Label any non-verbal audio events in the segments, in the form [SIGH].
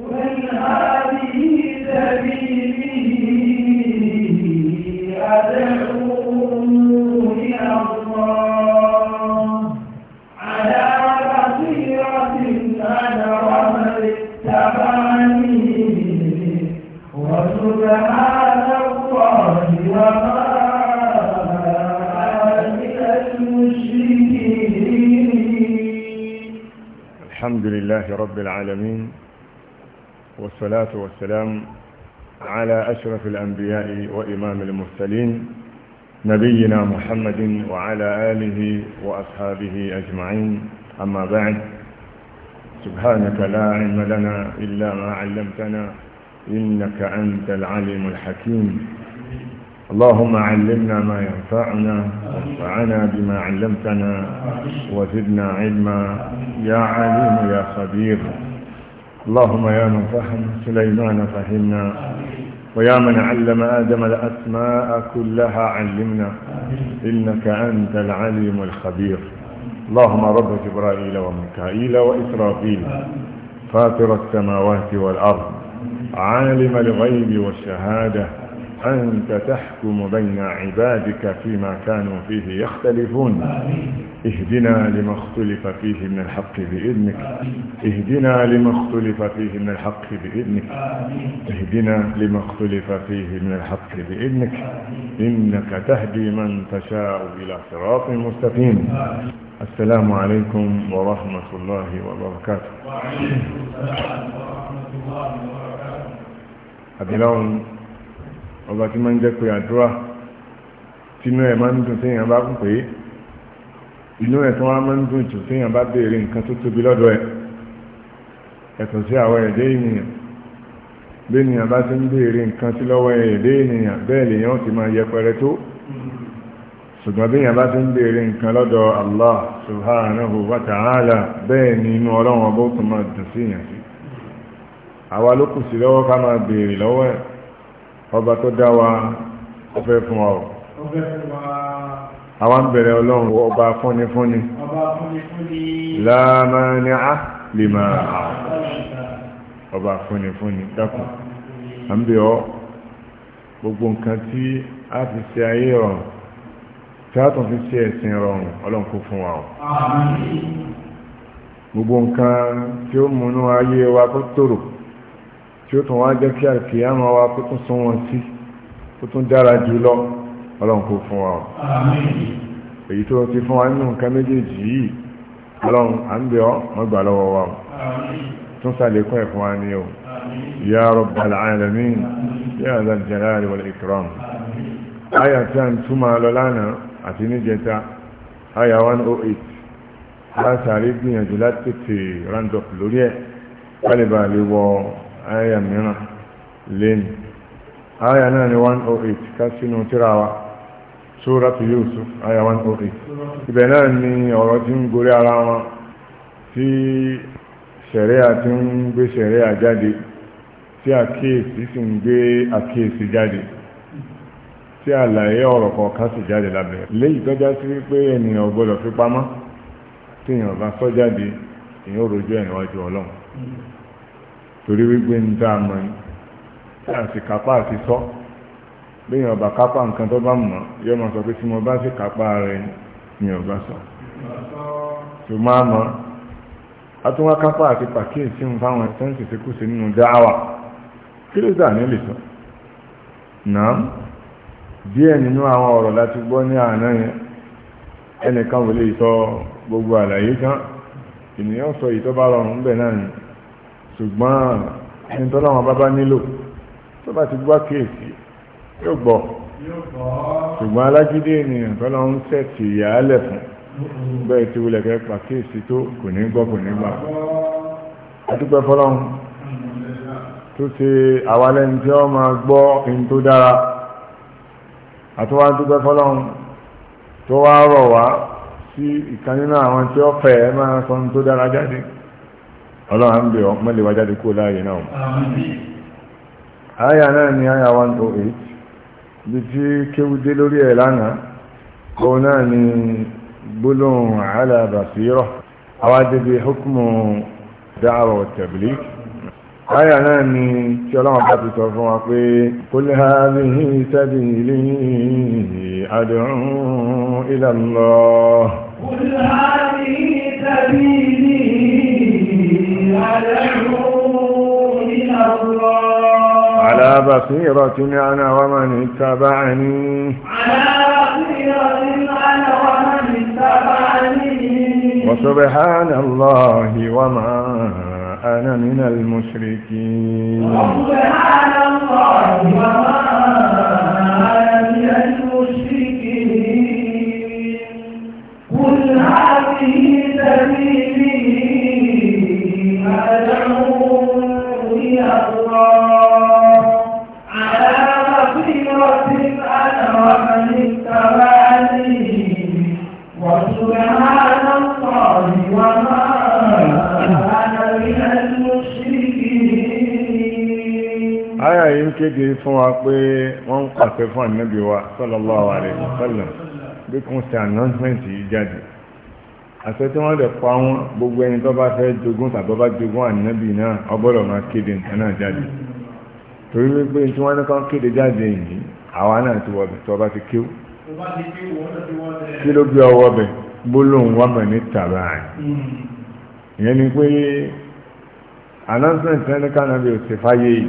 ومن هذه سبيله أدعو إلى الله على بصيرة أنا ومن اتبعني وسبحان الله وما الحمد لله رب العالمين والصلاة والسلام على أشرف الأنبياء وإمام المرسلين نبينا محمد وعلى آله وأصحابه أجمعين أما بعد سبحانك لا علم لنا إلا ما علمتنا إنك أنت العليم الحكيم اللهم علمنا ما ينفعنا وانفعنا بما علمتنا وزدنا علما يا عليم يا خبير اللهم يا من فهم سليمان فهمنا ويا من علم آدم الأسماء كلها علمنا إنك أنت العليم الخبير اللهم رب جبرائيل وميكائيل وإسرافيل فاطر السماوات والأرض عالم الغيب والشهادة أنت تحكم بين عبادك فيما كانوا فيه يختلفون اهدنا لما اختلف فيه من الحق بإذنك اهدنا لما اختلف فيه من الحق بإذنك اهدنا لما اختلف فيه من الحق بإذنك إنك تهدي من تشاء إلى صراط مستقيم السلام عليكم ورحمة الله وبركاته وعليكم السلام ورحمة الله وبركاته أبي ọba tí máa ń jẹ́ pé àdúrà tínú ẹ̀ máa ń dùn téèyàn bá ń pè é inú ẹ̀ tó wá máa ń dùn jù téèyàn bá béèrè nǹkan tó tóbi lọ́dọ̀ ẹ̀ ẹ̀tọ́ sí àwọn ẹ̀dẹ́ ènìyàn bí ènìyàn bá ti ń béèrè nǹkan sí lọ́wọ́ ẹ̀dẹ́ ènìyàn bẹ́ẹ̀ lèèyàn ti máa yẹpẹrẹ tó ṣùgbọ́n bí ènìyàn bá ti ń béèrè nǹkan lọ́dọ̀ Allah subhanahu wa ta'ala bẹ́ẹ̀ ni inú ọlọ́run ọbọ̀ tó máa dùn sí èèyàn sí àwa ló kù sí lọ́wọ́ ká máa béèrè lọ́wọ́ ẹ̀ ọba tó dá wa ọfẹ́ fún wa o àwọn bẹ̀rẹ̀ ọlọ́run ọba fúnni fúnni láàmàní á lè máa àwọn ọba fúnni fúnni dákùn à ń bẹ̀ ọ́ gbogbo nǹkan tí a fi ṣe ayé ọ̀run tí a tún fi ṣe ẹ̀sìn rọrùn ọlọ́run kó fún wa o gbogbo nǹkan tí ó múnú ayé wa kó tòrò tí ó tún wá jẹ́ kí àkíyàmọ́ wa kó tún sún wọn sí kó tún dára jù lọ ọlọ́run kó fún wa èyí tó ti fún wa nínú nǹkan méjèèjì yìí ọlọ́run à ń bẹ̀ ọ́ mọ́ gbà lọ́wọ́ wa tún sàlékún ẹ̀ fún wa ní o ya rabbal alamin ya zal jalali wal ikram tí a ń túmọ̀ lọ lánàá àti níjẹta aya 108 látàrí gbìyànjú láti tètè round lórí ẹ̀ wọ́n lè wọ àyà mìíràn lẹ́nu àyà náà ni 108 ká sínú tíra wa Suratu Yusuf àyà 108 ibe náà ni ọ̀rọ̀ tí ń gorí ara wọn tí ṣẹ̀ríà tí n gbe ṣẹ̀ríà jáde tí àkíyèsí sì ń gbé àkíyèsí jáde tí àlàyé ọ̀rọ̀ kọ̀ọ̀kan sì jáde lábẹ́ léyìí tọ́já sí wípé ènìyàn ò gbọ́dọ̀ fi pamọ́ tí èèyàn bá sọ jáde èèyàn ò rojú ẹ̀ níwájú ọlọ́run torí wípé ń tá a mọ̀ tí a sì kápá àti sọ́ ọba kápá nǹkan tó bá mọ̀ yọ máa sọ pé tí mo bá sì kápá rẹ̀ ni ọba sọ tó máa mọ̀ atúnwá kápá àti pàkíyèsí ń fáwọn ẹ̀tọ́ ń tètè kù sí nínú dáwà kí ló dà sọ náà díẹ̀ nínú àwọn ọ̀rọ̀ láti gbọ́ ní àná yẹn ẹnìkan wò lè sọ gbogbo àlàyé tán sọ náà ni ṣùgbọ́n ẹni tó lọ́wọ́ bábá nílò tó bá ti gbọ́ kéèsì yóò gbọ́ ṣùgbọ́n alágídé ènìyàn tó lọ́wọ́ ń sẹ̀tì ìyáálẹ̀ fún bẹ́ẹ̀ tí wulẹ̀ kẹ́ pa kéèsì tó kò ní gbọ́ kò ní gbà adúpẹ́ fọlọ́run tó ṣe àwalẹ́ni tí wọ́n máa gbọ́ ẹni tó dára àtúwá ọlọ́run ń bẹ̀ ọ mọ́lẹ̀ wá jáde kúrò láàyè náà àyà náà ni àyà 108 bí tí kéwú dé lórí ẹ̀ lánàá òun náà ni gbólóhùn ala basira àwa débi hukmu da'wa wa tabligh àyà náà ni tí ọlọ́run bá ti sọ fún wa pé qul hadhihi sabili ad'u ila Allah qul hadhihi على بصيرة أنا ومن اتبعني على بصيرة أنا ومن اتبعني وسبحان الله وما أنا من المشركين وسبحان الله وما أنا من المشركين ti fún wa pé wọ́n ń pàṣẹ fún ànábì wa sallallahu alaihi wasallam bí kò ṣe announcement yìí jáde àṣẹ tí wọ́n lè pa wọn gbogbo ẹni tó bá fẹ́ jogún tàbí bá jogún ànábì náà ọgbọ́dọ̀ máa kéde nǹkan náà jáde torí wípé tí wọ́n ní kán kéde jáde yìí àwa náà ti wọ́bẹ̀ tó bá ti kíw kí ló gbé ọwọ́ bẹ̀ gbólóhùn wà mọ̀ ní tàbá yìí ìyẹn ni pé announcement ẹni kánábì ò sì fáyé yìí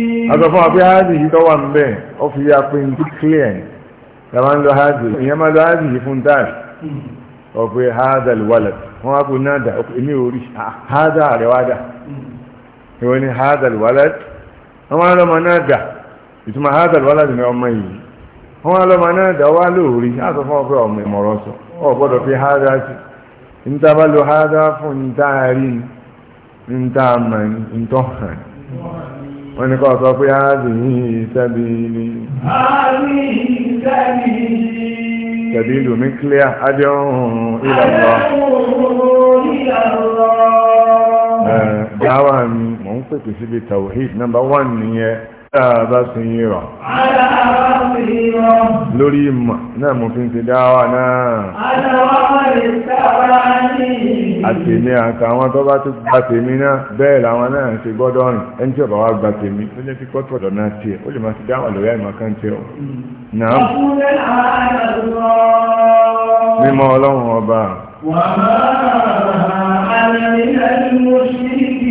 ọ̀sọ̀ fún ọ̀pẹ́ áàdì yìí tọ́wà ń bẹ̀ ó fi yá pé ní clear làwọn ń lọ áàdì ìyẹn máa lọ áàdì yìí fún dáàdì ọ̀pẹ́ áàdà lùwàlẹ̀ wọ́n á kó náà dà èmi ò rí áàdà rẹ̀ wá dà ìwọ ni áàdà lùwàlẹ̀ wọ́n máa lọ́mọ náà dà ìtumọ̀ áàdà lùwàlẹ̀ ni ọmọ yìí wọ́n máa lọ́mọ náà dà wá lóòrí àtọ̀ fún ọ̀pẹ́ sọ ọ̀ gbọ́dọ̀ fi áàdà sí ìntàbálò áàdà fún ìntàárí ìntàmọ̀ ìntọ́hàn wọ́n ní kọ́ sọ pé áàdìní ìtẹ́bìlì tẹ̀bìlù mi kílíà adéhùn ìlàlọ́ dáwà mi mò ń pèpè síbi tawhid number one nìyẹn basira ala basira lórí ìmọ̀ náà mo fi ń ti dáwà náà àtèmi àtàwọn tó bá tó gba tèmi náà bẹ́ẹ̀ làwọn náà ṣe gbọ́dọ̀ rìn ẹni tí ọ̀bà wa gba tèmi ó jẹ́ kí kọ́tọ̀dọ̀ náà tiẹ̀ ó lè máa ti dáwà lórí àìmọ̀ kan tiẹ̀ o hmm. náà mímọ́ ọlọ́run ọba wàhálà àlẹ́ ìlú ṣíkì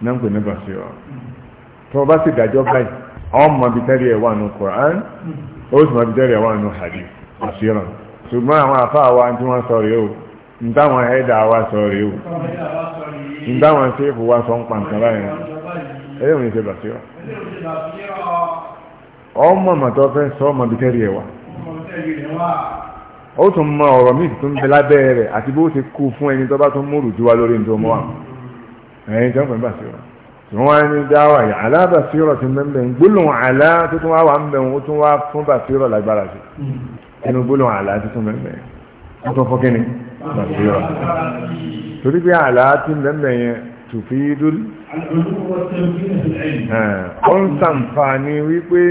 náà ń pè ní basira tó o bá sì dájọ́ báyìí ọmọ bitẹ́rì ẹ̀ wà nù Qur'an ó sì mọ bitẹ́rì ẹ̀ wà nù hadith basira ṣùgbọ́n àwọn àfáà wa tí wọ́n sọ rèé o ń táwọn ẹ̀dà wa sọ rèé o ń táwọn ṣéèfù wa sọ o pa nǹkan báyìí ẹ̀yẹ́ òun ṣe basira ọmọ màtọ́ fẹ́ sọ ọmọ bitẹ́rì ẹ̀ wà ó tún mọ ọ̀rọ̀ míì tó ń bẹ lábẹ́ rẹ̀ àti bó ṣe kú fún ẹni tó bá tún múrù jù wá lórí nítorí ọmọ wa ẹ̀yìn tó ń pè basira tí wọ́n á ní dáwà yìí alábàṣírọ̀ ti mẹ́mbẹ̀ ń gbólóhùn àlá tó tún wá wà ń bẹ̀rù ó tún wá fún bàṣírọ̀ lágbára sí inú gbólóhùn àlá tó tún mẹ́mbẹ̀ ó tún fọ́ kínní bàṣírọ̀ torí pé àlá ti mẹ́mbẹ̀ yẹn tùfídú ó ń sàǹfààní wípé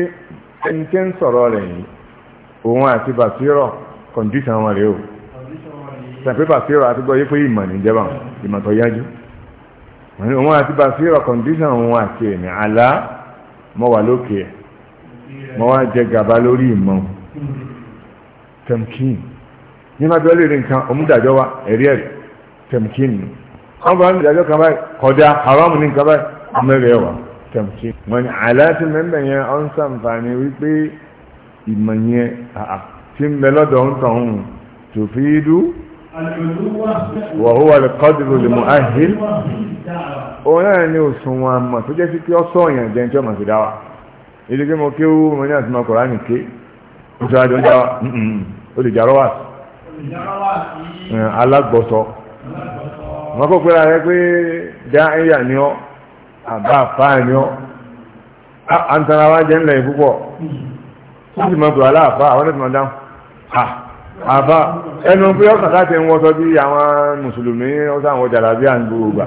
ẹni tí ń sọ̀rọ̀ rẹ̀ yìí òun àti bàṣírọ̀ kọ̀ǹdíṣàn wọn rèé o tàbí bàṣírọ̀ àti gbọ́ yé òun àti basira condition òun àti èmi àlá mo wà lókè ẹ̀ mo wá jẹ gàba lórí ìmọ̀ tẹmkín ní má bẹ́ẹ̀ lè rí nǹkan òmùdàjọ́ wa ẹ̀rí ẹ̀rí tẹmkín ni wọ́n bá ń dàjọ́ kan báyìí kọjá haram ní nǹkan báyìí mẹ́rẹ̀ wà tẹmkín wọ́n ní àlá ti mẹ́mẹ́ yẹn ọ̀ ń sàǹfààní wípé ìmọ̀ yẹn àà ti ń bẹ lọ́dọ̀ ń tọ̀hún tòfíìdú wọ̀húwà lè kọ́dùrù lè mú áhìl òun náà ní òsùn wọn mọ̀ tó jẹ́ sí pé ọ́sọ́ òyìn jẹ́ tí ọmọ sí dáwà ilé pé mo ké wú mo ní àtúmọ̀ Kùránì ké oṣù àjọ dáwà olùjàrọ́ wà alágbọ̀sọ wọn kò pera rẹ pé dáhìyà ni ọ àbá àfáà ni ọ àǹtara jẹ́ ńlẹ̀ púpọ̀ mm. ó sì mọ̀ pé aláàfáà àwọn ẹ̀sìn máa dáhùn afa ẹnu pé ọkàn láti ń bí àwọn mùsùlùmí ọsọ àwọn jàlábí à ń gbogbo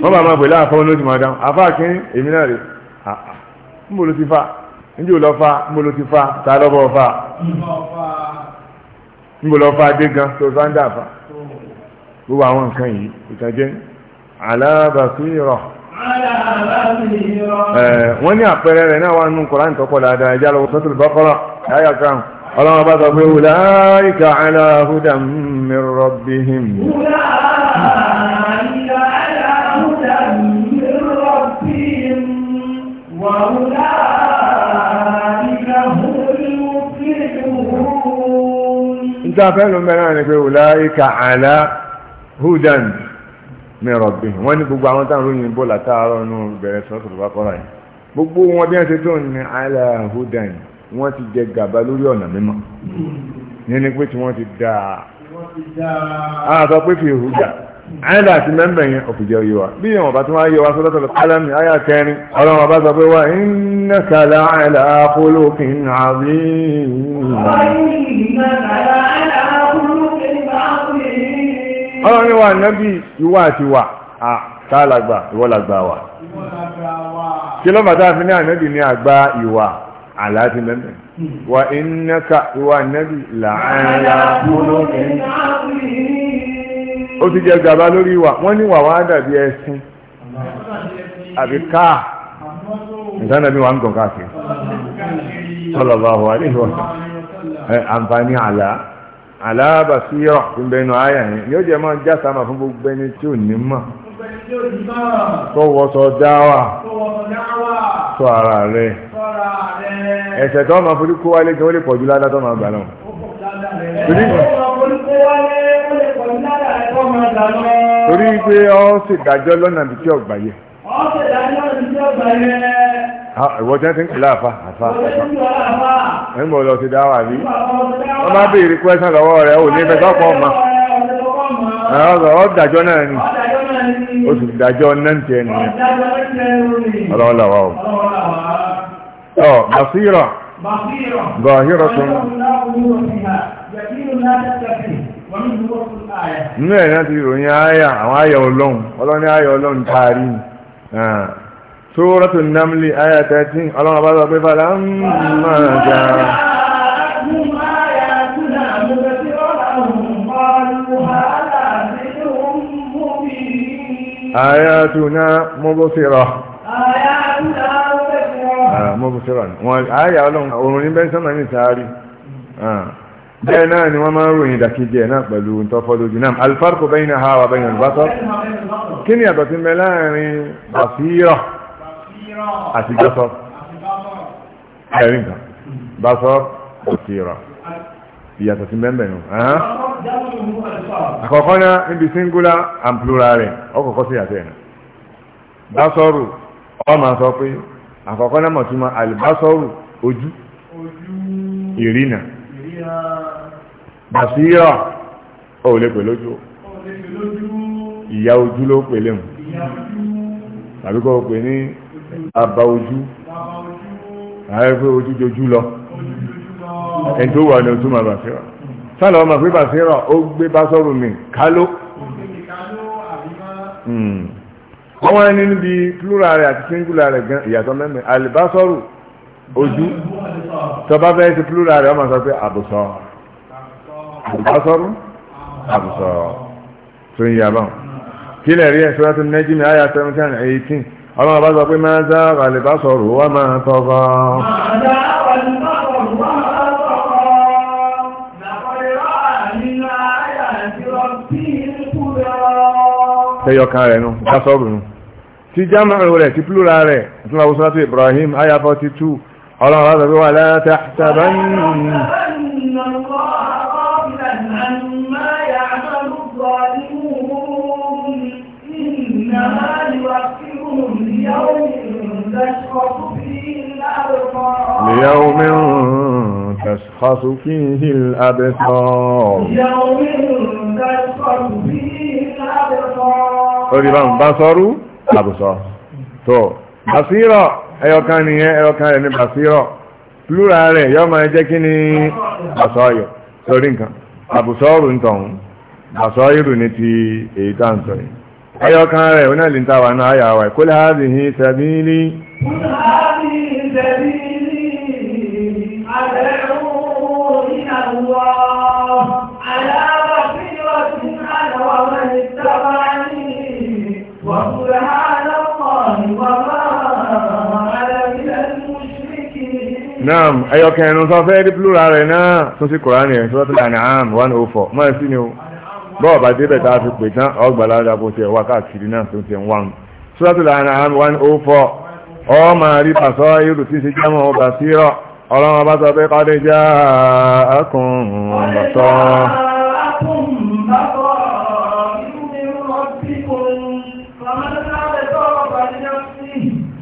gbà wọn bá máa pè láàfọ ló máa dáhùn àfá kí èmi náà rè ló ti fa níbi ò lọ fa ló ti fa ta lọ́bọ̀ fa lọ fa dé gan tó sáńdà fa gbogbo àwọn nǹkan yìí ní àpẹẹrẹ náà wà nù dáadáa ọlọ́wọ́ bá sọ pé wùláìkà aláhùdà min rabbihim ìtafẹ́lú mẹ́rin ni pé wùláìkà aláhùdà min rabbihim wọ́n ní gbogbo àwọn táwọn olóyìnbó látàárọ̀ nù bẹ̀rẹ̀ sọ́tọ̀ bá kọ́ra yìí gbogbo wọn bí wọ́n wọ́n ti jẹ gàba lórí ọ̀nà mímọ́ nínú pé tí wọ́n ti dáa a sọ pé fi hù jà àyìnlá àti mẹ́mbẹ̀ yẹn òfìjẹ́ oyè wa bí ìwọ̀n bá tí wọ́n á yẹ wa sọ́dọ̀ tọ̀lọ̀ kálámì àyà kẹrin ọlọ́run ọba sọ pé wà iná kàlà àìlà akólókin àbí. ọlọ́run ni wà nábì ìwà àti wà à ká làgbà ìwọ́ làgbà wà. kí ló bàtà fi ní ànábì ní àgbà ìwà àláti mẹ́mẹ́ wà ìnáka ti wa wọ́n wa wa sallam àǹfààní àlá àlá basira ń bẹnu àyà yẹn yóò jẹ máa já sáma fún gbogbo ẹni tí ò ní tọwọ́ sọ dáwà sọ ara rẹ̀ ẹ̀ṣẹ̀ tó máa forí kó wálé gan ó lè pọ̀jù ládá tó máa gbà náà. torí pé ọ sì dájọ́ lọ́nà bí tí ọgbà yẹ. Ìwọ jẹ́ ti ń pèlè àfa àfa àfa. Ẹ ń bọ̀ lọ sí dáwà bí. Wọ́n bá béèrè kú ẹ̀sán lọ́wọ́ rẹ̀ ò ní fẹ́ sọ́kàn ọ̀ma. Ọ̀dàjọ́ náà ni. ó sì dájọ́ náǹtì ẹni yẹn ọlọ́ọ̀lá wa o. ọ̀ basira gbọ̀hírọ̀ tún. nínú ẹ̀ náà ti ròyìn àyà àwọn àyà ọlọ́run ọlọ́ni àyà ọlọ́run taari ah. Suratul Namli àyà 13 ọlọ́run bá sọ pé fàlà ń máa jà. آياتنا مبصرة آياتنا مبصرة مبصرة وآية أولهم أولهم بين سمع نساري bẹ́ẹ̀ náà ni wọ́n máa ń ròyìn ìdàkejì ẹ̀ náà pẹ̀lú ntọ́fọ́lójú náà alifarko bẹ́yìn náà hawa bẹ́yìn alùbátọ́ kí ni àtọ̀tí mẹ́ láàrin basira àti gbàsọ́ ẹ̀rí nǹkan basọ́ basira ìyàtọ̀tí mẹ́mbẹ̀ nù àkọ́kọ́ náà níbi singular and plural rẹ̀ ọkọ̀kọ́ sí àtẹ̀ náà básọ́rù ọmọ sọ pé àkọ́kọ́ náà mọ̀túnmọ́ àlùbásọ́rù ojú ìrìnà bàṣírà ó lè pè lójú ìyá ojú ló pè léhùn tàbí kọ́ pè ní àbá ojú ààrẹ pé ojú jojú lọ ẹni tó wà ní ojú màbàṣírà sálọ ọmọ pé bàṣírà ó gbé bá mi káló hmm. wọ́n wá ní níbi plural rẹ̀ àti singular rẹ̀ gan ìyàtọ̀ mẹ́mẹ́ àlìbásọ́rù ojú tọba fẹ́ ti plural rẹ̀ ọmọ sọ pé àbùsọ àlìbásọ́rù àbùsọ tó ń yà bọ́n kí lè rí ẹ̀sọ́ tó nẹ́jì mi àyà seventeen eighteen ọlọ́run bá sọ pé máa dá àlìbásọ́rù wọ́n máa tọ́gọ́. máa dá àlìbásọ́rù. tẹyọkan rẹ̀ nù dásọ́ọ̀bù nù ti jámàrù rẹ̀ ti plúra rẹ̀ tún àwọn sọ́tọ̀ Ibrahim aya 42 ọlọ́run láti wà látà tàbánù ليوم تشخص فيه الأبصار يوم تشخص فيه lórí bá ń bá sọ́rú àbùsọ̀ tó bàṣírọ̀ ẹyọkan nìyẹn ẹyọkan rẹ̀ ní bàṣírọ̀ plúra rẹ̀ yọ máa jẹ́ kí ni bàṣọ́yọ̀ sórí nǹkan àbùsọ̀rù ń tọ̀hún bàṣọ́yìrù ní ti èyí tá ń sọ yìí ẹyọkan rẹ̀ ó náà lè ń tàwà náà àyà wa kul hadhihi sabili على بصيرة أنا ومن اتبعني naam ẹyọkẹ ẹnu sọ fẹ́ rí plúra rẹ̀ náà tún sí kòránì ẹ̀ sọ́tọ̀ àníhàn 104 máa sí ni o bọ́ọ̀ bá débẹ̀ tá a fi pè tán ọgbàlára bó ti ẹ̀wà káàkiri náà tó ti ń wá sọ́tọ̀ àníhàn 104 ọ máa rí pàṣọ irú tí ṣe jámọ̀ ọgbà sírọ̀ ọlọ́run ọba sọ pé kọ́dé já akùn ọ̀tọ̀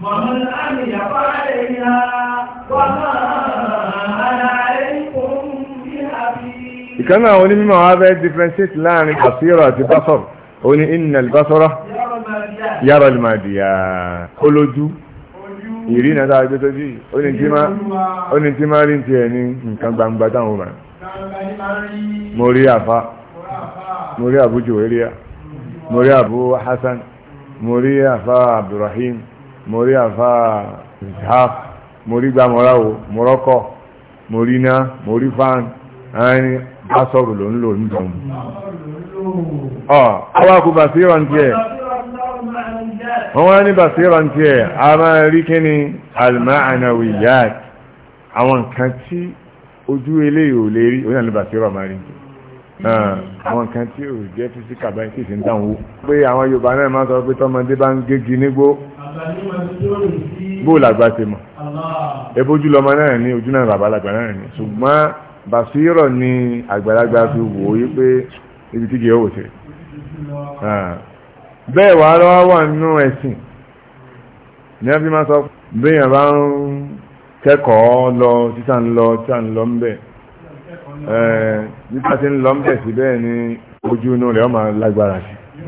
ومن عمل فعليها وما أنا عليكم بحفيظ ìkànnì àwọn onímọ̀ wa fẹ́ differentiate láàrin àfihàn àti básọ̀rọ̀ ó ní ìnà ìbásọ̀rọ̀ yàrá ìmàdìyà olójú ìrí náà tá a gbé sójú yìí ó ní tí máa rí ti ẹ̀ ní nǹkan gbangba táwọn ọmọ mo rí àfa àbújò eréa mo àbú hasan mo rí abdulrahim mo rí àfá ishaq mo rí gbàmọ́ra o mo rọ́kọ̀ mo rí iná mo rí fan ẹni básọ̀rù ló ń lò ní ìjọmù ọ̀ awakù bàṣírọ̀ ní ẹ̀ wọ́n wá ní bàṣírọ̀ ní ẹ̀ a Ah, àwọn kan tí ò jẹ́ físíkà báyìí tí sì ń dáhùn wò pé àwọn Yorùbá náà máa sọ pé tọmọdé bá ń gégi nígbó bó làgbà ṣe mọ̀ ebójú lọmọ náà ní ojú náà bàbá làgbà náà ní ṣùgbọ́n bàṣírọ̀ ni àgbàlagbà fi wò ó yí pé ibi tí kìí ó ṣe ah, bẹ́ẹ̀ wà lọ́wọ́ wà nínú ẹ̀sìn ní a fi máa sọ bí èèyàn bá ń kẹ́kọ̀ọ́ lọ títà ń lọ títà ń lọ ń bẹ́ẹ̀ nípa tí ń lọ ń sí bẹ́ẹ̀ ni ojú inú rẹ̀ ọmọ lágbára sí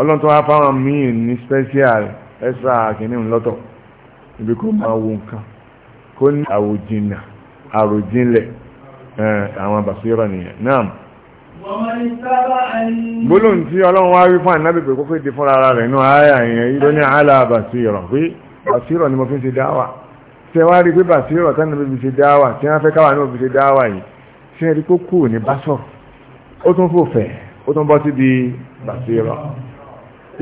ọlọ́run wá fáwọn míì ní special extra kìíní ibi kó máa wo nǹkan kó ní àwòjìnà àròjìnlẹ̀ àwọn bàṣírà nìyẹn náà gbólóhùn tí ọlọ́run wá wí fún ànábì pé kókó ìdí fúnra rẹ̀ àyẹ̀yẹ́ ló ní pé ni mo fi ń ṣe tí wọ́n rí pé bàtí ọ̀rọ̀ tán níbi ṣe dáwà tí wọ́n fẹ́ káwà náà fi ṣe dáwà yìí ṣe rí pé kù ní básọ̀ ó tún fò fẹ̀ ó tún bọ́ síbi bàtí ọ̀rọ̀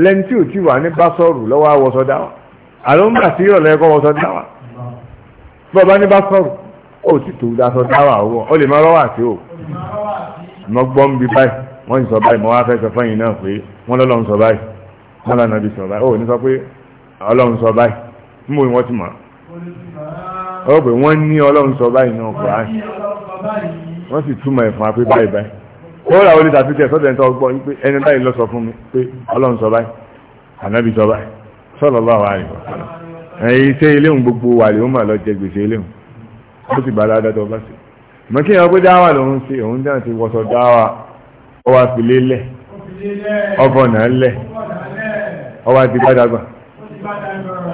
lẹ́ni tí ò tí wà ní básọ̀rù lọ́wọ́ àwọ̀sọ dáwà àló ń bàtí ọ̀rọ̀ lẹ́kọ́ wọ́sọ dáwà bọ́ bá ní básọ̀rù ó ti tò dáṣọ dáwà owó ó lè má rọ́wà ọ pé wọ́n ní ọlọ́run sọ báyìí náà kò áì wọ́n sì túmọ̀ ẹ̀fọn apé báyìí báyìí kóòlà wọlé tàbí tẹ̀ sọ́dẹ̀ tó gbọ́ pé ẹni báyìí lọ sọ fún mi pé ọlọ́run sọ báyìí ànábì sọ báyìí sallallahu alaihi wasallam ẹ̀yìn iṣẹ́ ilé òun gbogbo wà lè ó mà lọ jẹ gbèsè ilé òun ó sì bá dáadáa tó bá sí mọ kí ẹ̀yàn pé dáwà lòun ṣe òun dáhùn ti wọṣọ dáwà ó wá fi lé lẹ̀ ọ̀fọ̀nà lẹ̀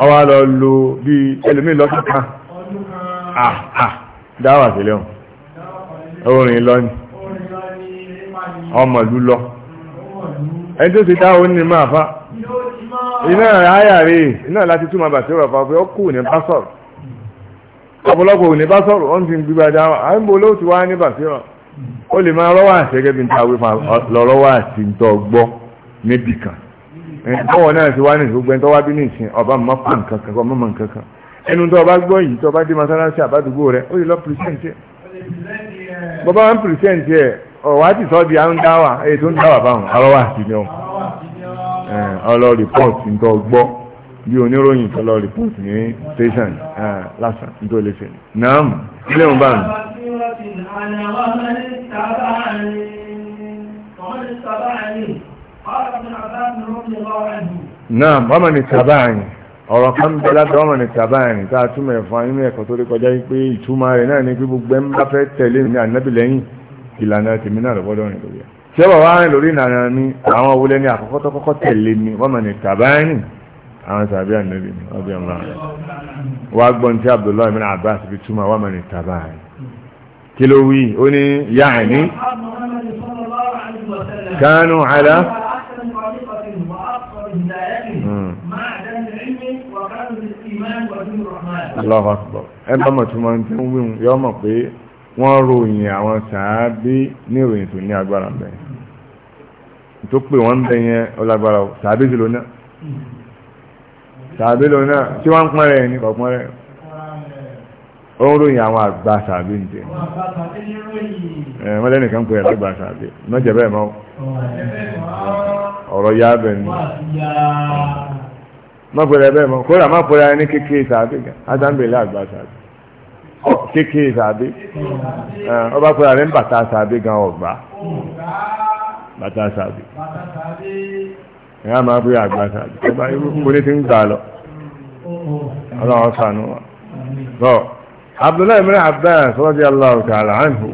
ó lo bíi ẹlòmíì lọ́sọ̀kan Ah, ah. dáwà sílẹ̀ wọn orin lọ ni ọmọlú lọ ẹni tó ti dáwà ó ní máa fa iná àyà rè iná láti túmọ̀ bàtí ọ̀rọ̀ fà pé ó kù ní bá sọ̀rọ̀ ọ̀pọ̀lọpọ̀ ò ní bá sọ̀rọ̀ wọ́n ti ń gbígbà dáwà àìbò ló ti wá ní bàtí ọ̀rọ̀ ó lè máa rọ́wà àti gẹ́gẹ́ bí n ta wípa lọ́rọ́wà àti ń tọ́ gbọ́ níbì kan ẹ̀ńtọ́wọ̀ náà ti wá ní ìṣògbẹ́ntọ́wá bí ní ìsìn ọba mọ́pà nǹkan kan ọmọ mọ́ nǹkan kan ẹnu tó bá gbọ́ yìí tó bá dé masalasi àbádùgbò rẹ ó lè lọ present ẹ bọ́bá wọn present ẹ ọ̀wá ti sọ́ di à ń dáwà èyí tó ń dáwà báwọn arọ́wà sí ni ọ ọlọ report nǹkan gbọ́ bí oníròyìn tó lọ report ní station lásán nítorí lè ṣe nàám ilé ń bá mi. nàám wọ́n mọ̀ ní sábà yìí ọ̀rọ̀ kan bẹ lábẹ́ ọ̀rọ̀ ní tàbáyìn tá a túmọ̀ ẹ̀fọn nínú ẹ̀kọ́ tó rí kọjá yìí pé ìtumọ̀ rẹ̀ náà ní pé gbogbo ẹ̀ ń bá fẹ́ tẹ̀lé ní ànábì lẹ́yìn ìlànà tèmi náà lọ́gbọ́dọ̀ rìn lórí ẹ̀. tí ọba wa rìn lórí ìlànà mi àwọn òwúlé ní àkọ́kọ́ tó kọ́kọ́ tẹ̀lé mi wọ́n mọ̀ ní àwọn tàbí ànábì ni ọbẹ̀ ọmọ rẹ̀ wá gbọ́n tí Abdullahi Allahu Akbar ẹgbẹ́ mọ̀ tí wọ́n ti ń wíwọ̀n yọ mọ̀ pé wọ́n ròyìn àwọn sàábí ní ìròyìn tó ní agbára mẹ́ tó pè wọ́n ń bẹ yẹn ọlágbára sàábí ti lónà sàábí lónà tí wọ́n ń pọ́n rẹ̀ ní ọ̀pọ́n rẹ̀ ó ń ròyìn àwọn àgbà sàábí ń jẹ mọ́lẹ́nì kan pè é lágbà sàábí mọ́jẹ̀ bẹ́ẹ̀ mọ́ ọ̀rọ̀ yá bẹ́ẹ̀ ni má pẹ̀lẹ́ bẹ́ẹ̀ mọ́ kódà má pẹ̀lẹ́ ní kékeré sàbí adámbèlé àgbà sàbí kékeré sàbí ọba pẹ̀lẹ́ rẹ̀ ń bàtà sàbí gan ọ̀gbà bàtà sàbí ẹ̀ á máa pẹ̀lẹ́ àgbà sàbí ọba ìwé ti ń gbà lọ ọlọ́run sànú wa. bọ́ abdullahi ibn abbas radiyallahu ta'ala anhu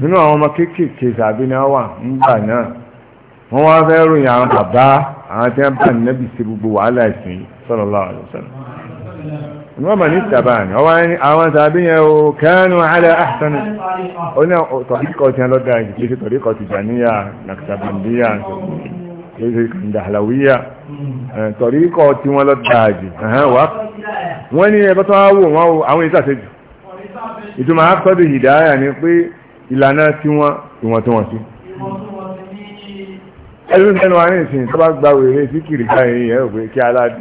nínú àwọn ọmọ kékeré sàbí ni wọ́n wà ń gbà náà wọ́n wá fẹ́ ròyìn àwọn bàbá. àwọn tí wọ́n sí gbogbo wàhálà ìsìn sallallahu wọ́n mọ̀ ní àwọn o kanu ala ahsani ó ní tọ̀ríkọ̀ tí wọ́n lọ́dá ìgbé sí tọ̀ríkọ̀ tìjàníyà nàkìtàbàndíyà ìdàhàlàwíyà tọ̀ríkọ̀ tí wọ́n lọ́dá ìgbé wọ́n ní ẹbọ́ tó wá àwọn ìtumọ̀ àkọ́dù ni pé ìlànà ẹlú mẹ́nu wa ní ìsìn tó bá gba wèrè síkìrì báyìí yẹn ò pé kí aládé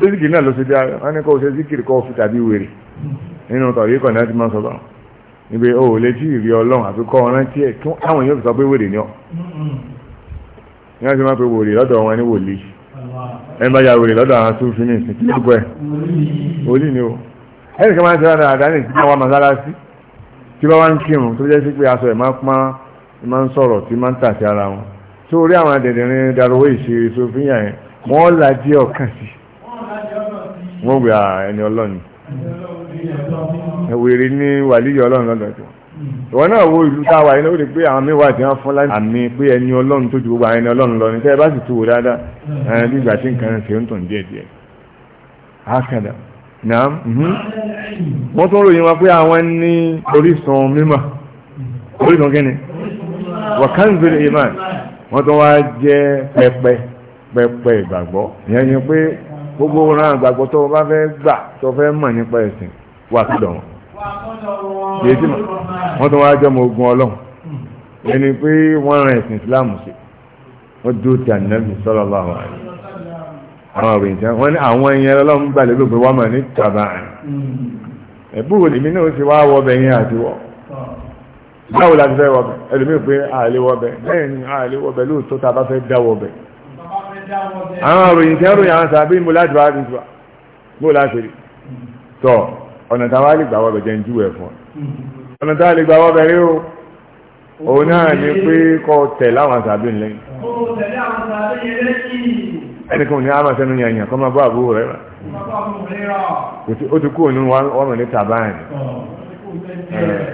síkìrì náà ló ṣe dá wọn ní kó o ṣe síkìrì kó o fi tàbí wèrè nínú tọ̀rí kan láti máa sọ bá wọn níbi o ò létí ìrí ọlọ́run àfi kọ́ ọ̀rán tiẹ̀ kí àwọn èèyàn fi sọ pé wèrè ni ọ́ ní wọ́n ti máa pe wèrè lọ́dọ̀ wọn ní wòlíì ẹni bá ya wèrè lọ́dọ̀ àwọn tó fi ní ìsìn kí ló pẹ́ ẹ̀ máa ń sọ̀rọ̀ tí máa ń tà sí ara wọn tó orí àwọn adẹ̀dẹ̀rin darúwé ìṣeré sófin yà yẹn wọ́n là díẹ̀ ọ̀kan sí wọ́n gbé ẹni ọlọ́ni wèrè ní wàlíyọ̀ ọlọ́run lọ́dọ̀ tó ìwọ náà wo ìlú tá a wà yín lórí pé àwọn mẹ́wàá ti wọ́n fún láti àmì pé ẹni ọlọ́run tó ju gbogbo àwọn ẹni ọlọ́run lọ ní tẹ́ ẹ bá sì tu wò dáadáa ẹni bí ìgbà tí nǹkan ṣe ń tàn díẹ̀ díẹ̀ ákàdà náà wọ́n tún ròyìn wa pé àwọn ní orísun mímọ́ orísun kíni wọ̀kánzìlì iman wọ́n tó wá jẹ́ pẹpẹ pẹpẹ ìgbàgbọ́ ìyẹn ni pé gbogbo ran àgbàgbọ́ tó o bá fẹ́ gbà tó o fẹ́ mọ̀ nípa ẹ̀sìn wà sọ́dọ̀ wọn. yìí tí wọ́n tó wá jẹ́ ọmọ ogun ọlọ́run ẹni pé wọ́n ran ẹ̀sìn ìsìláàmù sí wọ́n dúró ti ànábì sọ́lọ́ bá wà ní. àwọn òròyìn tí wọ́n ní àwọn ẹ̀yìn ọlọ́run gbà lérò pé mọ̀ ní tàbá ẹ̀ búrò lèmi ti wá wọ báwo la ti fẹ́ wọbẹ̀ ẹlòmíì pé àlè wọbẹ̀ bẹ́ẹ̀ ni àlè wọbẹ̀ lóòótọ́ tá a bá fẹ́ dá wọbẹ̀. àwọn òròyìn tí ń ròyìn àwọn sàbí mo láti wá ní tiwa bó láti rí tọ ọ̀nà táwa lè gbà wọbẹ̀ jẹ́ ń júwẹ̀ fún ọ ọ̀nà táwa lè gbà wọbẹ̀ rí o òun náà ni pé kọ́ tẹ̀ láwọn sàbí lẹ́yìn. ẹnìkan ní àmà sẹ́nu yàn yàn kọ́ máa bọ́ ní wọn mọ̀ ní tàbáyìn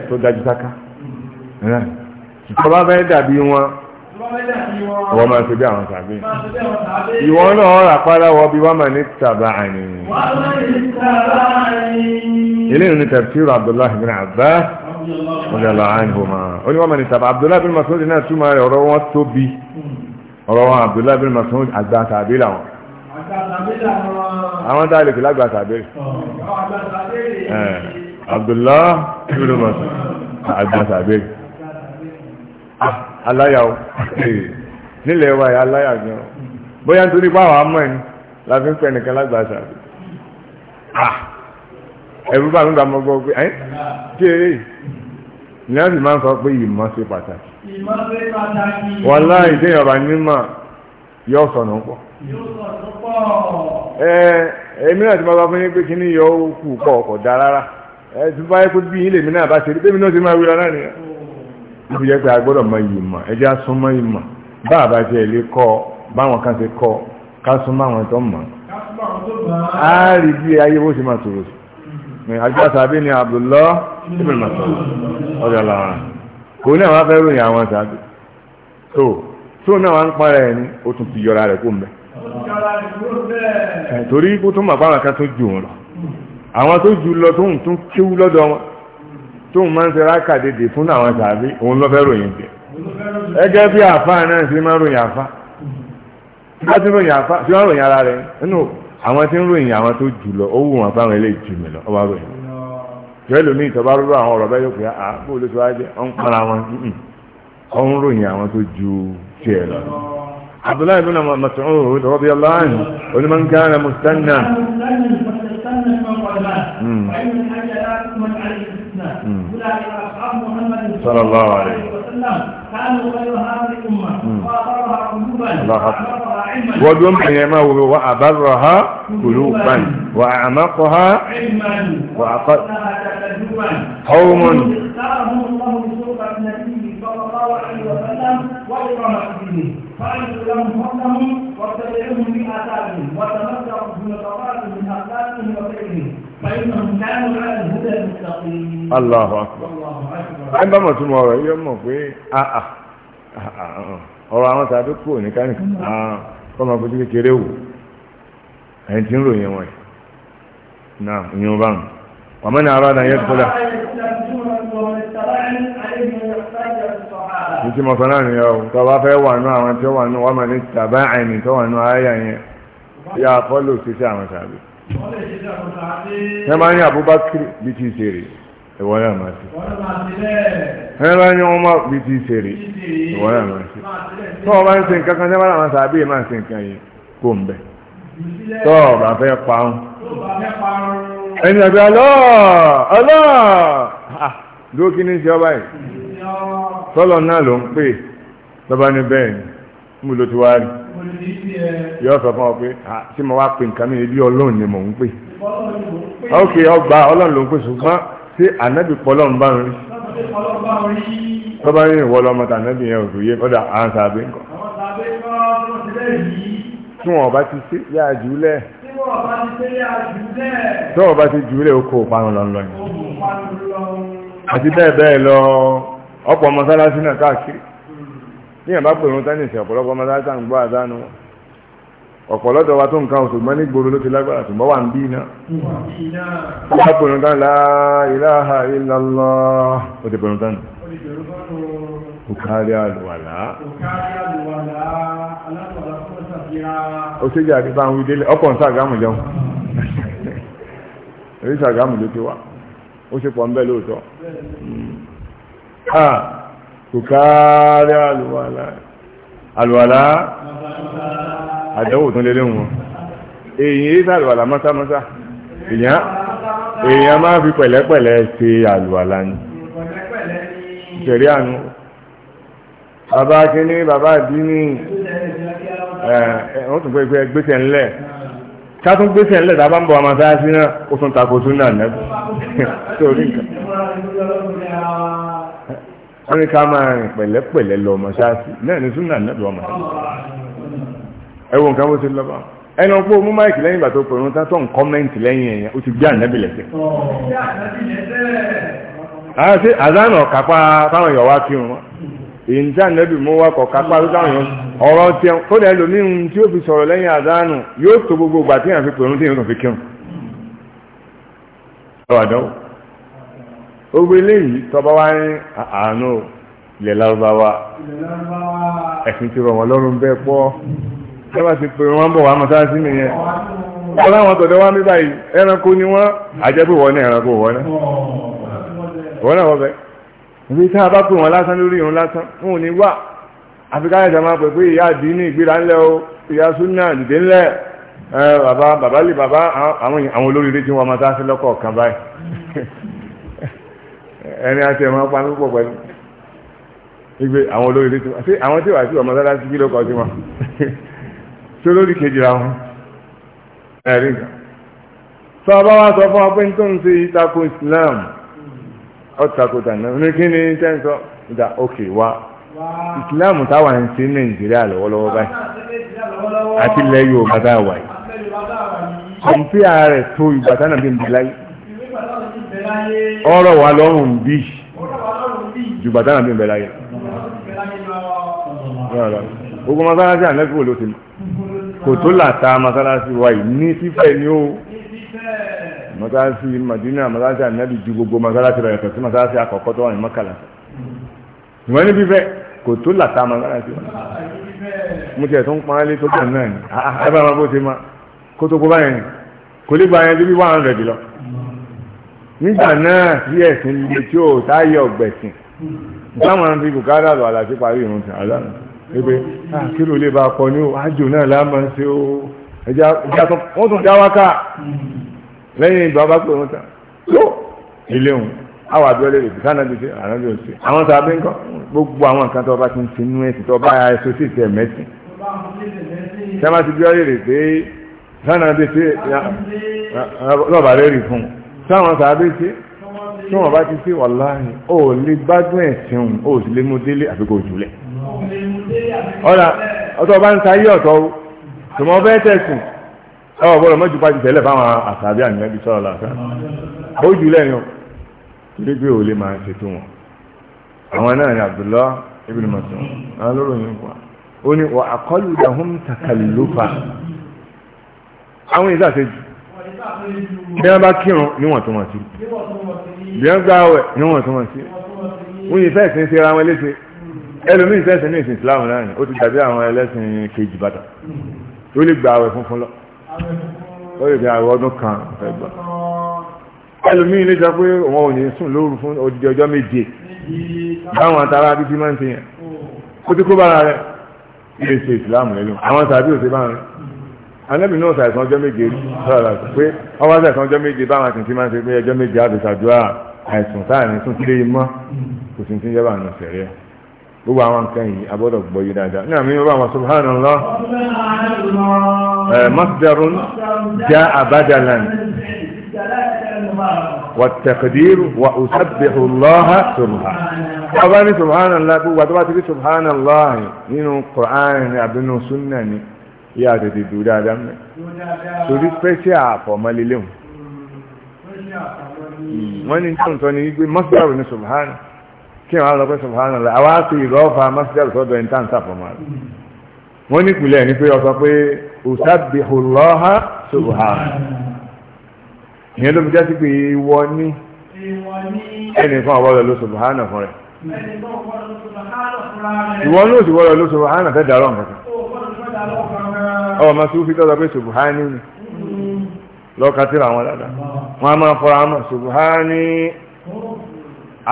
tó tọba fẹ́ dàbí wọn wọ́n máa ṣe bí àwọn tàbí ìwọ náà rà padà wọ́n bí wọ́n máa ní tàbá àní. ilé ìrìn tafsir Abdullahi bin Abbas ọjọ́lá àìhùmá ó ní wọ́n máa ní tàbá Abdullahi bin Mas'ud náà túmọ̀ rẹ̀ ọ̀rọ̀ wọn tóbi ọ̀rọ̀ wọn Abdullahi bin Mas'ud àgbà tàbí làwọn àwọn tá a lè fi lágbà sàbẹ̀rẹ̀ Abdullahi bin Mas'ud àgbà sàbẹ̀rẹ̀ Ah, aláyà o nílẹ̀ wa yà aláyà gan bóyá nítorí pé àwọn amọ̀ ẹni la fi ń pẹ́ nìkan lágbàáṣà ah, ẹ̀rú bá mi gbà mọ́ gbọ́ pé ẹ́ kí eré ní wọ́n sì máa ń sọ pé ìmọ̀ ṣe pàtàkì ìmọ̀ ṣe pàtàkì wàláhì nímọ̀ yóò sọ̀nà pọ̀ èmi náà ti máa bá fún yín pé kí ni yóò kú pọ̀ rárá ẹ̀ tí báyìí bí náà bá ṣe rí bẹ́ẹ̀ mi náà ti máa wíra náà nìyẹn. ló fi jẹ́ pé a gbọ́dọ̀ mọ iyì mọ̀ ẹjẹ́ asúnmọ́ ìmọ̀ bá àbá tiẹ̀ lè kọ́ báwọn kan ti kọ́ ká súnmọ́ àwọn tó mọ̀ á bí ayé bó ṣe máa tòrò sí àjọ àṣàbí ni Abdullah ibn Mas'ud ọjà làwọn kò ní àwọn afẹ́rù ní àwọn àṣàbí tó tó náà wà ń parẹ́ ẹni ó tún ti yọra rẹ̀ kó mbẹ́ torí kó tó mọ̀ pàwọn kan tó jù wọn lọ àwọn tó jù lọ tó ń tún kéwú lọ́dọ̀ wọn tó ń máa ń sẹ́ra kàdédè fún àwọn tàbí òun ló fẹ́ ròyìn jẹ ẹgẹ́ bí àfa náà ṣe máa ń ròyìn àfa tí wọ́n ti ròyìn àfa tí wọ́n ròyìn ara rẹ̀ nínú àwọn tí ń ròyìn àwọn tó jù lọ ó wù wọn fáwọn eléyìí jù mí lọ ọba ròyìn jọ́ọ́ lómi ìtọ́ba rúrú àwọn ọ̀rọ̀ bẹ́ẹ̀ yóò pè á bó ló ti wá jẹ́ ọ̀n para wọn ọ̀ ròyìn àwọn tó ju tiẹ̀ lọ. Abdullahi bin Mas'ud radiyallahu anhu onímọ̀ nǹkan rẹ̀ mustanna. يستنى من قد وان الحج لا تكمل عليه الاستثناء اولئك اصحاب محمد صلى الله عليه وسلم كانوا غير هذه الامه واثرها قلوبا الله ما حيمه أبرها قلوبا وأعمقها علما وأقل قوم اختارهم الله بسلطة النبي صلى الله عليه وسلم وإرام حبيبه فأنتوا لهم فضلهم واتبعوهم بآثارهم وتمسكوا Allahu Akbar على الهدى المستقيم الله bá mọ̀ tún mọ̀ rẹ̀ yóò mọ̀ pé ah, ah, ah, ọ̀rọ̀ àwọn tàbí kò ní káníkà kọ́mọ fojú kékeré wò ẹ̀yìn tí ń ròyìn wọn náà ìyẹn bá ń wàmọ́ ní ara náà yẹ kó dà. ní tí mo sọ náà nìyẹn bá fẹ́ ẹ máa ní Abubakar bí ti ṣe rè ìwọ náà máa ṣe ẹ máa ní Umar bí ti ṣe rè ìwọ náà tó o bá ń ṣe nǹkan kan sẹ́wọ́n àwọn sàbí máa ń ṣe nǹkan yìí kó ń bẹ tó o bá fẹ́ parun ẹni àbí alọ́ alọ́ dúró kí ní ṣe ọba yìí tọ́lọ̀ náà ló ń pè lọ́ba ní bẹ́ẹ̀ ni mo ló ti wá rí. yóò sọ fún ọ pé tí mo wá pe nǹkan mi ọlọ́run ni mò ń pè ok ọgbà ọlọ́run ló ń pè ṣùgbọ́n tí ànábì pọlọ́run bá ń rí tó yín ìwọ yẹn yé kọ́dà à ń sàbẹ̀ tí wọn bá ti ṣe yá tí wọn bá ti lọ́nlọ́yìn àti bẹ́ẹ̀ bẹ́ẹ̀ lọ ọ̀pọ̀ mọ́sálásí náà káàkiri. ní ìyàbá pè wọn tánìsì ọ̀pọ̀lọpọ̀ ọmọ sáà ń gbọ́ àdánù ọ̀pọ̀lọpọ̀ wa tó nǹkan oṣù mọ́ ní gbòòrò ló ti lágbára tó mọ́ wà ń bí iná. ìyá pè wọn tán la ilaha illallah ó ti pè wọn tán. ó kárí àlùwàlá. ó ṣe jẹ́ àdìbá ń wí délé ọkọ̀ ń sàgámù jẹun èyí sàgámù ló ti wá ó ṣe pọ̀ ń bẹ́ kò kárí àlùwàlá àlùwàlá àdẹ́wò tó lélé wọn èyàn èyí sàlùwàlá mọ́sámọ́sá èyàn máa fi pẹ̀lẹ́pẹ̀lẹ́ ṣe àlùwàlá ni ṣẹ̀rí àánú bàbá kíní bàbá àdínní wọ́n tún pẹ́ gbẹ́sẹ̀ ńlẹ̀ ká tún gbẹ́sẹ̀ ńlẹ̀ tá a bá ń bọ̀ àmọ́ sáyásí náà ó tún takò sún náà [LAUGHS] nẹ́kù wọ́n ní ká máa rìn pẹ̀lẹ́pẹ̀lẹ́ lọ mọ́ṣáàsì náà ní súnà náà lọ́mọ ẹ wo nǹkan bó ti lọ́ba ẹni ọ̀pọ̀ mú máìkì lẹ́yìn ìgbà tó pè wọn tó ń kọ́mẹ́ǹtì lẹ́yìn ẹ̀yẹn O ti gbé ànábì lẹ́sẹ̀. àti àzánà kápá táwọn èèyàn wá kí wọn èyí tí ànábì mú wá kọ kápá táwọn èèyàn ọ̀rọ̀ tiẹ̀ kó dẹ̀ lómìnirun tí ó fi sọ̀rọ̀ lẹ́yìn àzánù yóò tó gbogbo ìgbà tí èèyàn fi pè wọn tí èèyàn tó fi kírun owó eléyìí tọba wá ní àánú ilẹ̀ lárúbáwá ẹ̀sìn ti rọ̀ wọ́n lọ́rùn bẹ́ẹ̀ pọ́ lọ́wọ́ ti pè wọ́n bọ̀ wá mọ́sáàsì nìyẹn wọ́n láwọn tọ̀dọ̀ wá mí báyìí ẹranko ni wọ́n àjẹpẹ́ wọ́n ní ẹranko wọ́n náà wọ́n náà wọ́n bẹ́ẹ̀ ibi tá a bá pè wọ́n lásán lórí ìrún lásán wọn ò ní wà àfikà ẹ̀sà máa pè pé ìyá àdín ní ìgbéra ńlẹ̀ o ìyá súnà dìde ńlẹ̀ bàbá bàbá lè bàbá àwọn olóríire tí wọ́n mọ́sáàsì lọ́kọ̀ọ̀kan báyìí [LAUGHS] ẹni àti ẹ̀ máa pa ní púpọ̀ pẹ̀lú igbe àwọn olórí létí àti àwọn tí wàá sí ọmọ sára sí kí ló kọ sí wọn tó [LAUGHS] lórí kejì ra wọn ẹ̀rí nǹkan tó a bá wá sọ fún wa pé tó ṣe ìtakò Islam ọ̀tàkò tànà ní kí ni tẹ́ ń sọ ìdá òkè wa Islam táwa ń ṣe Nàìjíríà lọ́wọ́lọ́wọ́ báyìí àti ilẹ̀ Yorùbá táwa yìí kọ̀ǹpìà rẹ̀ tó ìgbà tánà bí n bí láyé ọ̀rọ̀ wà lọ́rùn bí ju bàtà náà bí ń bẹ láyé ogun masalasi ànẹ́kù ló ti mọ̀ kò tó làtà masalasi wa yìí ní fífẹ́ ni ó masalasi madina masalasi ànẹ́bì ju gbogbo masalasi rẹ̀ yàtọ̀ sí masalasi àkọ́kọ́ tó wà ní makala ìwọ́n ní fífẹ́ kò tó làtà masalasi wa mo tiẹ̀ tó ń pa alẹ́ tó jẹ̀ náà ni ẹ bá ma bó ti ma kótó kó báyẹn kò lè gba yẹn débi one hundred lọ nígbà náà sí ẹ̀sìn ilé tí ó táyé ọ̀gbẹ̀sìn táwọn fi bùkátà lọ àlàsí parí ìrùn tí àlànà pé ah, kí ló lè bá pọ̀ ní àjò náà lámà ṣe o ẹja tó wọ́n tún dá wákà lẹ́yìn ìgbà bá pè wọ́n tà tó ilé òun àwọn abẹ́rẹ́ lè bùkátà bí ṣe àrán bí ó ṣe àwọn tó abẹ́ ńkọ́ gbogbo àwọn nǹkan tó bá ti ń ti nú ẹ̀sìn tó bá ẹ̀sọ́ sí ìtẹ̀ mẹ́sìn sẹ́wọ́n ti bí ọ́ pé sánà bí ṣe lọ́ọ̀bà rẹ̀ fún un táwọn sàábé ṣe tí wọ́n bá ti ṣe wàláhì ó lè gbádùn ẹ̀sìn òun ó sì lè mú délé àfikò òjúlẹ̀ ọ̀rà ọ̀tọ̀ bá ń sa ayé ọ̀tọ̀ tòmọ́ fẹ́ tẹ̀sìn ọ̀ gbọ́dọ̀ mọ́jú bá tẹ̀lẹ̀ fáwọn àsàbí àníyànjú sọ̀rọ̀ làásán àbójúlẹ̀ ó torí pé ò lè máa ṣètò wọn àwọn náà ni Abdullah ibn Mas'ud àwọn lóró yìí ń ó ní wà àkọlù dàhùn takallufa àwọn ìdá bí wọ́n bá kírun níwọ̀ntúnwọ̀nsí bí wọ́n gbá ọ̀wẹ̀ níwọ̀ntúnwọ̀nsí wọ́n yìí fẹ́ẹ̀sìn sí ara wọn léṣe ẹlòmíì fẹ́ẹ̀sìn ní ìsìn Islam láàrin ó ti dàbí àwọn ẹlẹ́sìn kejì bàtà ó lè gba àwẹ̀ funfun lọ ó lè gba àwẹ̀ ọdún kan fẹ́ gbà ẹlòmíì lè sọ pé wọn ò ní sùn lóru fún odidi ọjọ́ méje báwọn atara bíbí máa ń ti yàn ó ti kó bára rẹ̀ ilé ṣe Islam lẹ́nu àwọn tàbí òṣèbára rẹ̀ anabi náà ṣàìsàn ọjọ́ méje pé ọwọ́ ṣàìsàn ọjọ́ méje báwọn àtìntì máa ń ṣe pé ọjọ́ méje àbẹ̀sàdúrà àìsàn táàrin tún kílé mọ́ kò sí ti ń yẹ́bà nù sẹ̀rẹ̀ gbogbo àwọn nǹkan yìí abọ́dọ̀ gbọ́ yìí dáadáa ní àmì والتقدير وأسبح الله سبحانه ọba ní subhanallah gbogbo àtọ́bá ti rí subhanallah nínú Qur'an àbínú sunna ni kí a tètè dùn dáadáa mẹ́ torí pé tí àfọ̀mọ́lé léwu wọ́n ní tó ń sọ ní wípé mọ́sídàrú ní subhana kí wọ́n á lọ pé subhana la àwa ti ìrọ́fà mọ́sídàrú sọ́dọ̀ ẹni tá à ń sàfọ̀mọ́ rẹ̀ wọ́n ní ìpìlẹ̀ ní pé ó sọ pé usabbihu Allaha subhana ìyẹn ló fi jásí pé ìwọ ní ẹnìkan ọ̀wọ́lọ̀ ló subhana fún rẹ̀ ìwọ ló sì wọ́lọ̀ ló subhana fẹ́ dàrọ̀ nǹkan ọwọ́ ma sùn fi tọ́jọ́ pé subhani lọ́kàtìrà àwọn dáadáa wọ́n a máa fọ́ra àmà subhani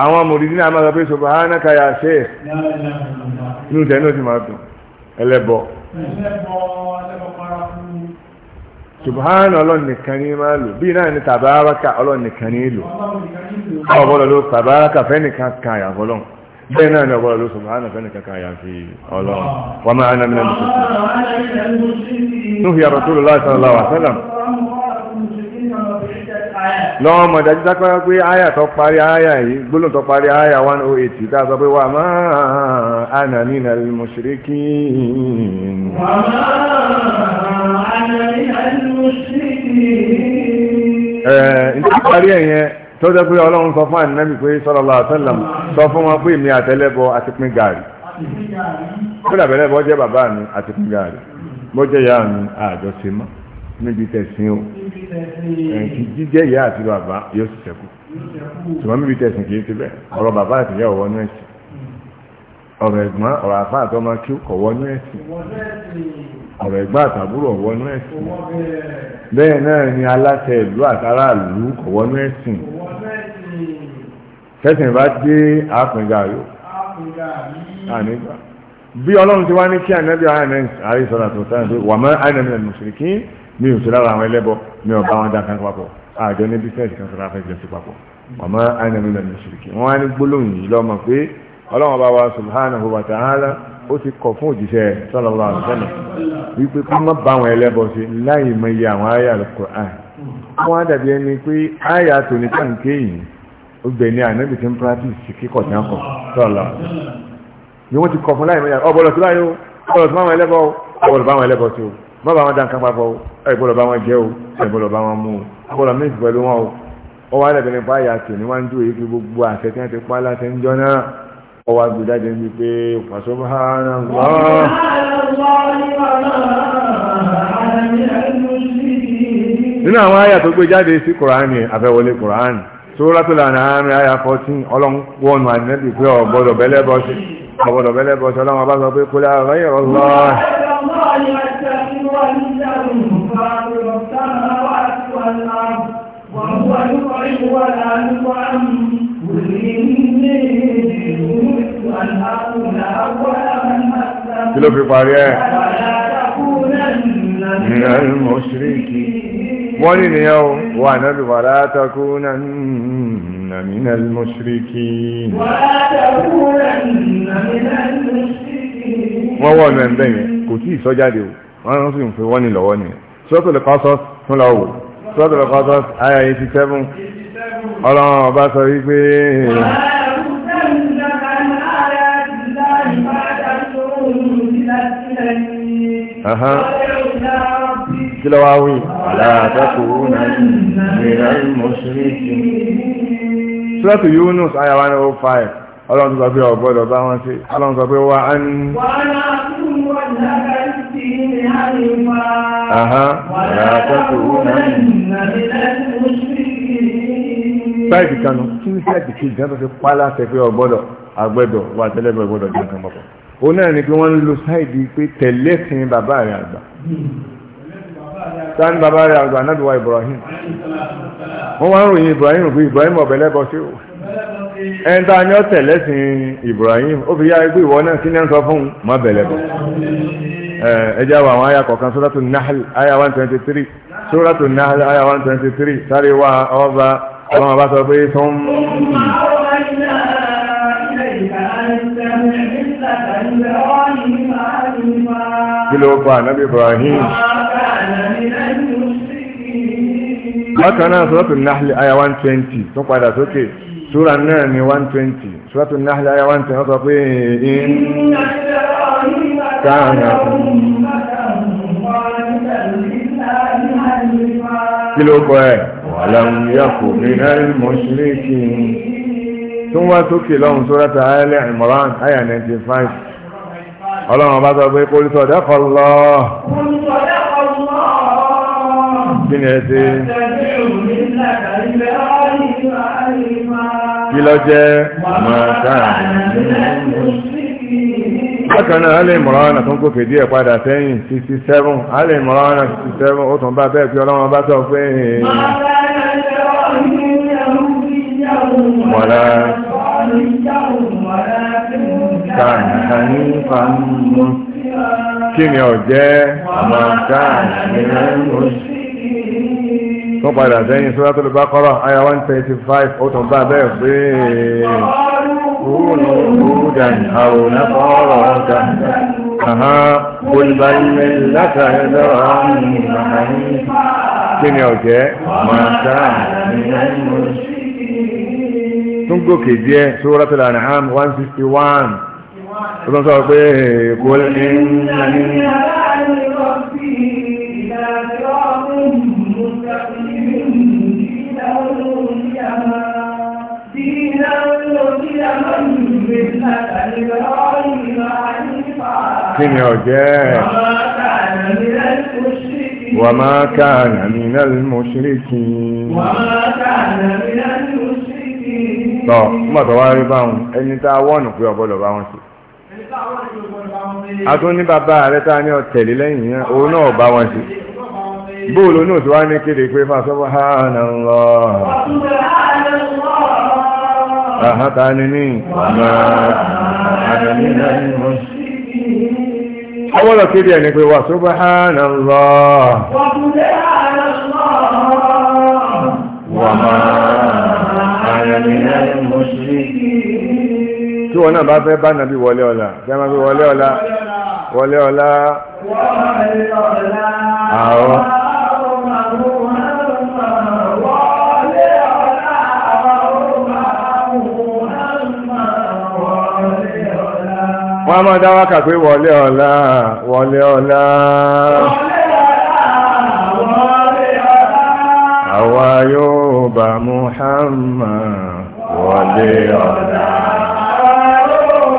àwọn mòrìdí náà máa sọ pé subhana kaya ṣe nínú tẹ̀ náà ti máa dùn ẹlẹ́bọ subhana ọlọ́nìkan ní máa lò bí náà ní tàbáraka ọlọ́nìkan ní lò ọ̀bọ̀lọ́ tàbáraka fẹ́nìkan kan àyàfọ́lọ́hùn bẹ́ẹ̀ náà ni ọba ló sọ máa nàfẹ́ nìkan kan yàfi ọlọ́run wà máa nà mìíràn mùsùlùmí nùhì àrọ̀tòrò láìsàn aláwà sẹ́lẹ̀ lọ́wọ́ mọ̀ dájú dákọ́rọ́ pé àyà tó parí àyà yìí gbólóhùn tó parí àyà 108 tá a sọ pé wà máa ànà nínà mùsùlùmí wà máa ànà nínà mùsùlùmí tó jẹ́ pé ọlọ́run sọ fún ànábì pé sallallahu alaihi wasallam sọ fún wọn pé èmi àtẹlẹ́bọ àti pín gààrí kódà bẹ́lẹ́bọ jẹ́ bàbá mi àti pín gààrí mo jẹ́ ìyá mi àjọṣe mọ́ níbi tẹ̀sìn o ẹ̀ǹkì jíjẹ́ ìyá àti bàbá yóò sì ṣẹ́kù ṣùgbọ́n níbi tẹ̀sìn kì í ti bẹ́ẹ̀ ọ̀rọ̀ bàbá àti ìyá ọ̀wọ́ ní ẹ̀sìn ọ̀rọ̀ ẹ̀gbọ́n ọ̀rọ̀ àfáà àtọmọ kí kọ̀wọ́ ní ẹ̀sìn ọ̀rọ̀ ẹ̀gbọ́n àtàbúrò ọ̀wọ́nú ẹ̀sìn bẹ́ẹ̀ náà ni aláṣẹ ìlú àtàràlú ọ̀wọ́nú ẹ̀sìn tẹ́sìn bá dé àpẹ̀gà yó ànígbà bí ọlọ́run ti wá ní kí ànábì àrísọ̀rọ̀ àtúntàn pé wà mọ́ ànábì àti mùsùlùmí mi ò sí lára àwọn ẹlẹ́bọ mi ò bá wọn dá kan papọ̀ àjọ ní bísíǹsì kan sọ̀rọ̀ afẹ́jọ́ sí papọ̀ wà mọ́ ànábì àti mùsùlùmí wọ́n á ní gbólóhùn yìí lọ́mọ pé ọlọ́run bá wa subhanahu wa ta'ala ó ti kọ̀ fún òjíṣẹ́ sallallahu alaihi wasallam wípé kó má bá àwọn ẹlẹ́bọ sí láì mọ iye àwọn àyà Al-Qur'an wọ́n dàbí ẹni pé àyà tòní tàǹkì yìí ó gbẹ̀ ní ànábì tí ń practice kíkọ̀ tí wọ́n kọ̀ sallallahu ni wọ́n ti kọ̀ fún láì mọ iye ọ̀bọ̀lọ̀ sí láyò ọ̀bọ̀lọ̀ sí máwọn ẹlẹ́bọ ọ̀bọ̀lọ̀ bá àwọn ẹlẹ́bọ sí o má bá wọn dá nǹkan papọ̀ ẹ̀ gbọ́dọ̀ bá wọn jẹ́ o ẹ̀ gbọ́dọ̀ bá wọn mú o gbọ́dọ̀ mí pẹ̀lú wọn o ó wá lẹ́bẹ̀ẹ́ ọwá gbìdájẹ́ ní pé fàṣọ́báhánà nínú àwọn àyà tó gbé jáde sí kùránì àfẹ́wọlé kùránì Suratul An'am àyà 14 ọlọ́wọ́nù ànẹ́bì pé ọ̀gbọ́dọ̀ bẹ́lẹ́ bọ́sí ọ̀gbọ́dọ̀ bẹ́lẹ́ bọ́sí ọlọ́wọ́n bá sọ pé kó lára rẹ̀ ọlọ́wọ́ وهو يطعم ولا يطعم kí ló fi parí ẹ̀ minal mushriki wọ́n ní nìyẹn o wà náà wà látàkù náà minal mushriki wọ́n wọ́n náà bẹ́yẹn kò tí ìsọ́jáde o wọ́n sì ń fi wọ́n ní lọ́wọ́ ni sọ́tò kí ló wá wí aláàtàkùn náà Suratu Yunus àyà 105 ọlọ́run tó sọ pé ọ̀gbọ́dọ̀ bá wọn sí ọlọ́run sọ pé wà á ní sáìdì kanu kí ní sáìdì kejì náà tó fi pálá tẹ pé ọ̀gbọ́dọ̀ agbẹ́dọ̀ wà tẹ́lẹ̀bẹ̀ ọ̀gbọ́dọ̀ jẹ́ nǹkan mọ́kàn ó náà ni pé wọ́n ń lo sáìdì pé tẹ̀lé sin bàbá rẹ̀ àgbà sáà ní bàbá rẹ̀ àgbà náà wá Ibrahim wọ́n wá ń ròyìn Ibrahim pé Ibrahim ọ̀bẹ̀lẹ́bọ sí o ẹni tá a ní ọ̀tẹ̀ lẹ́sìn Ibrahim ó fi yá ẹgbẹ́ ìwọ náà sí ní ẹ̀ńsọ fún un má bẹ̀lẹ́bọ ẹjẹ́ àwọn àwọn ayà kọ̀ọ̀kan Suratu Nahl ayà 123 Suratu Nahl ayà 123 sáré wá ọba ọlọ́mọba sọ pé tó kí ló kọ ànábì Ibrahim bákan náà sọ́tù náhìlì àyà 120 tó padà sókè súra náà ni 120 sọ́tù náhìlì àyà 120 sọ pé in káàna kí ló kọ ẹ̀ wàlàm yakù minal mushrikin tó wá sókè lọ́hùn sóràtà Al Imran àyà 95 ọlọ́run bá sọ pé kó lè sọ̀dẹ́ kọ lọ kí ni ẹ ṣe kí lọ jẹ́ bákan náà alẹ́ ìmọ̀ràn ọ̀nà tó ń gòkè díẹ̀ padà sẹ́yìn 67 alẹ́ 67 ó tún bá bẹ́ẹ̀ pé ọlọ́run bá sọ pé wọ́n كان حنيفا مسلما ni ọ̀jẹ́ àmàǹkà tó padà sẹ́yìn Suratul Baqara àyà 135 ó tún bá bẹ́ẹ̀ pé kúrò húdàn àwọn afọ́rọ̀ ọ̀gá olùbálẹ̀ látàrí lọ́rọ̀ àmì kí ni ọ̀jẹ́ àmàǹkà tún gòkè díẹ̀ Suratul An'am 161 tó sọ pé kò ní ní Kí ni ọ̀jẹ́? Wa ma kana minal mushrikin. Wa ma kana minal mushrikin. Tọ́, mọ̀ tọ́wárí báhùn, ẹni tá wọ́nù pé ọ̀bọ̀lọ̀ báhùn sí. a tún ní bàbá rẹ̀ tá ní ọ̀tẹ̀lé náà bá wọn sí bóòlù náà tí wá ní kéde pé fásọ́wọ́ ha na ń lọ àhátà ni ní ọwọ́lọ̀ kéde ẹni pé wà ha na ń lọ tí wọn náà bá fẹ́ bá nàbí wọlé ọ̀la tí a máa fi wọlé ọ̀la wọlé ọ̀la àwọn. wọ́n máa dá wákà pé wọlé ọ̀la wọlé ọ̀la. àwa yóò bá Muhammad wọlé ọ̀la.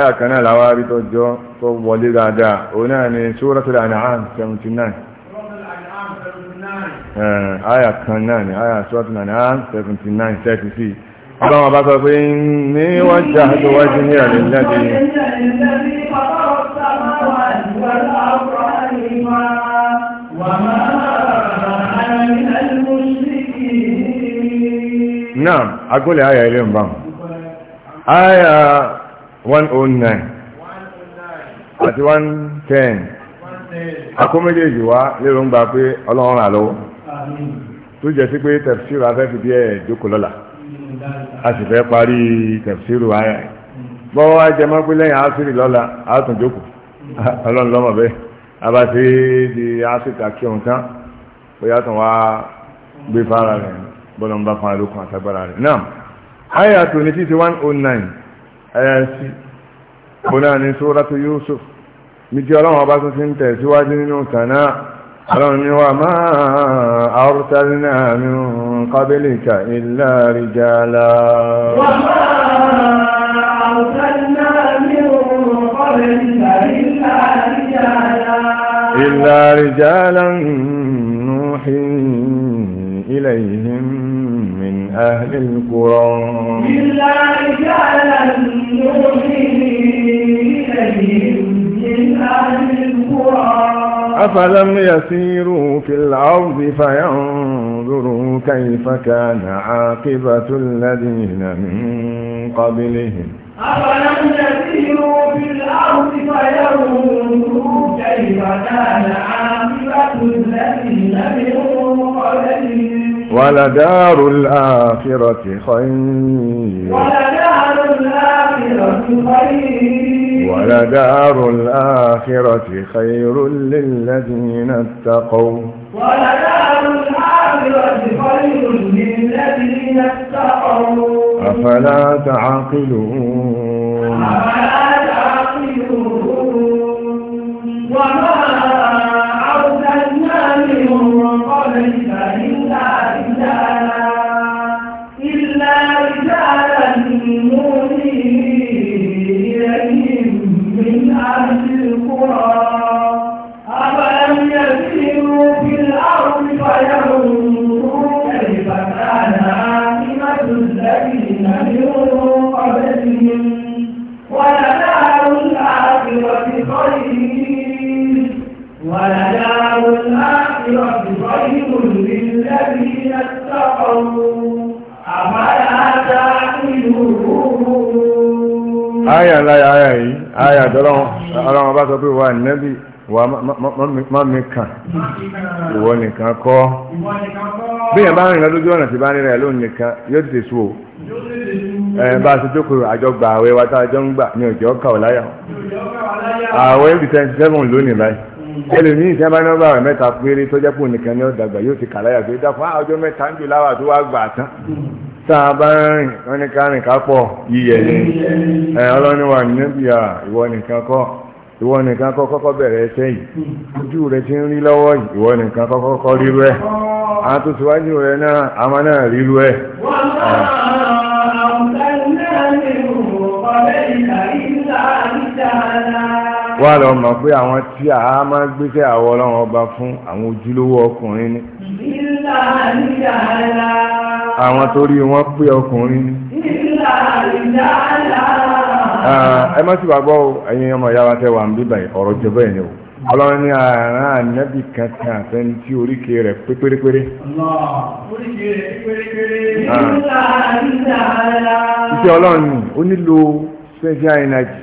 ẹ̀ẹ̀kanáà láwá rí tó jọ tó wọlé dáadáa òun náà ni Suratul An'am 79 àyà kan náà ni àyà Suratul An'am 79 36 ọlọ́wọ́ bá sọ pé ní wọ́n já tó wájú ní ọ̀rẹ́ lẹ́dí náà agúnlẹ̀ àyà ilé ń bá 109 àti 110 akóméjèèjì wá lérò ń gba pé ọlọ́run rà lọ́wọ́ tó jẹ́ sí pé tẹ̀fsíìrù afẹ́ fi díẹ̀ jókòó lọ́la a sì fẹ́ parí tẹ̀fsíìrù ayà bọ́wọ́ wá jẹ mọ́ pé lẹ́yìn ásírì lọ́la a tún jókòó ọlọ́run lọ́mọ bẹ́ẹ̀ abàtí di asita kí òun tán bóyá tán wá gbé fara rẹ̀ bọ́lọ́mbà fún alókun àtagbára rẹ̀ náà ayà tó ní títí 109 ayasi bóná ní suratu Yusuf níbi ọlọ́run ọba tó ti ń tẹ̀síwájú nínú tànà ọlọ́run ní wa ma arsalna min qablika illa rijala wa ma arsalna min qablika illa rijala illa أهل القرى إلا من أهل القرى أفلم يسيروا في الأرض فينظروا كيف كان عاقبة الذين من قبلهم أفلم يسيروا في الأرض فينظروا كيف كان عاقبة الذين من قبلهم ولدار الآخرة خير ولدار الآخرة خير للذين اتقوا ولدار الآخرة خير للذين اتقوا أفلا تعقلون أفلا تعقلون وما ربهم للذين اتقوا أفلا تعقلون آية لا آية آية ترى أنا ما بقول هو kàn ìwọ nìkan kọ́ bí yẹn bá rìn lójú ọ̀nà tí bá rìn rẹ̀ nìkan yóò ti sùn bá a ti jókòó àjọgbà àwẹ̀ wa tá a jọ ń gbà ní ọjọ́ kà láyà àwẹ̀ eighty lónìí báyìí. Mm. ẹlòmíì sẹ́ńbà ní ọgbà mẹ́ta péré tọ́jọ́ pò nìkan ní ọ̀dàgbà yóò ti kàláyà pé dáfọ́ ọjọ́ mẹ́ta ń jù láwà tó wá gbà tán mm. tá a bá rìn wọ́n ní ká rìn ká pọ̀ yíyẹ ni ẹ ọlọ́ni wà níbi à ìwọ nìkan kọ́ ìwọ nìkan kọ́ kọ́kọ́ bẹ̀rẹ̀ ẹsẹ̀ yìí mm. ojú rẹ ti ń rí lọ́wọ́ yìí ìwọ nìkan kọ́ kọ́kọ́ oh. rẹ náà wá lọ mọ̀ pé àwọn tí a máa gbéṣẹ́ àwọ ọlọ́run ọba fún àwọn ojúlówó ọkùnrin ni àwọn torí wọ́n pé ọkùnrin ni ẹ má sì gbàgbọ́ ẹ̀yin ọmọ ìyá wa tẹ́ wà ń bíbà ọ̀rọ̀ jẹ́ bẹ́ẹ̀ ni o ọlọ́run ní àárín ànábì kan tí tí oríkèé rẹ̀ pé iṣẹ́ ọlọ́run ní ó nílò special energy.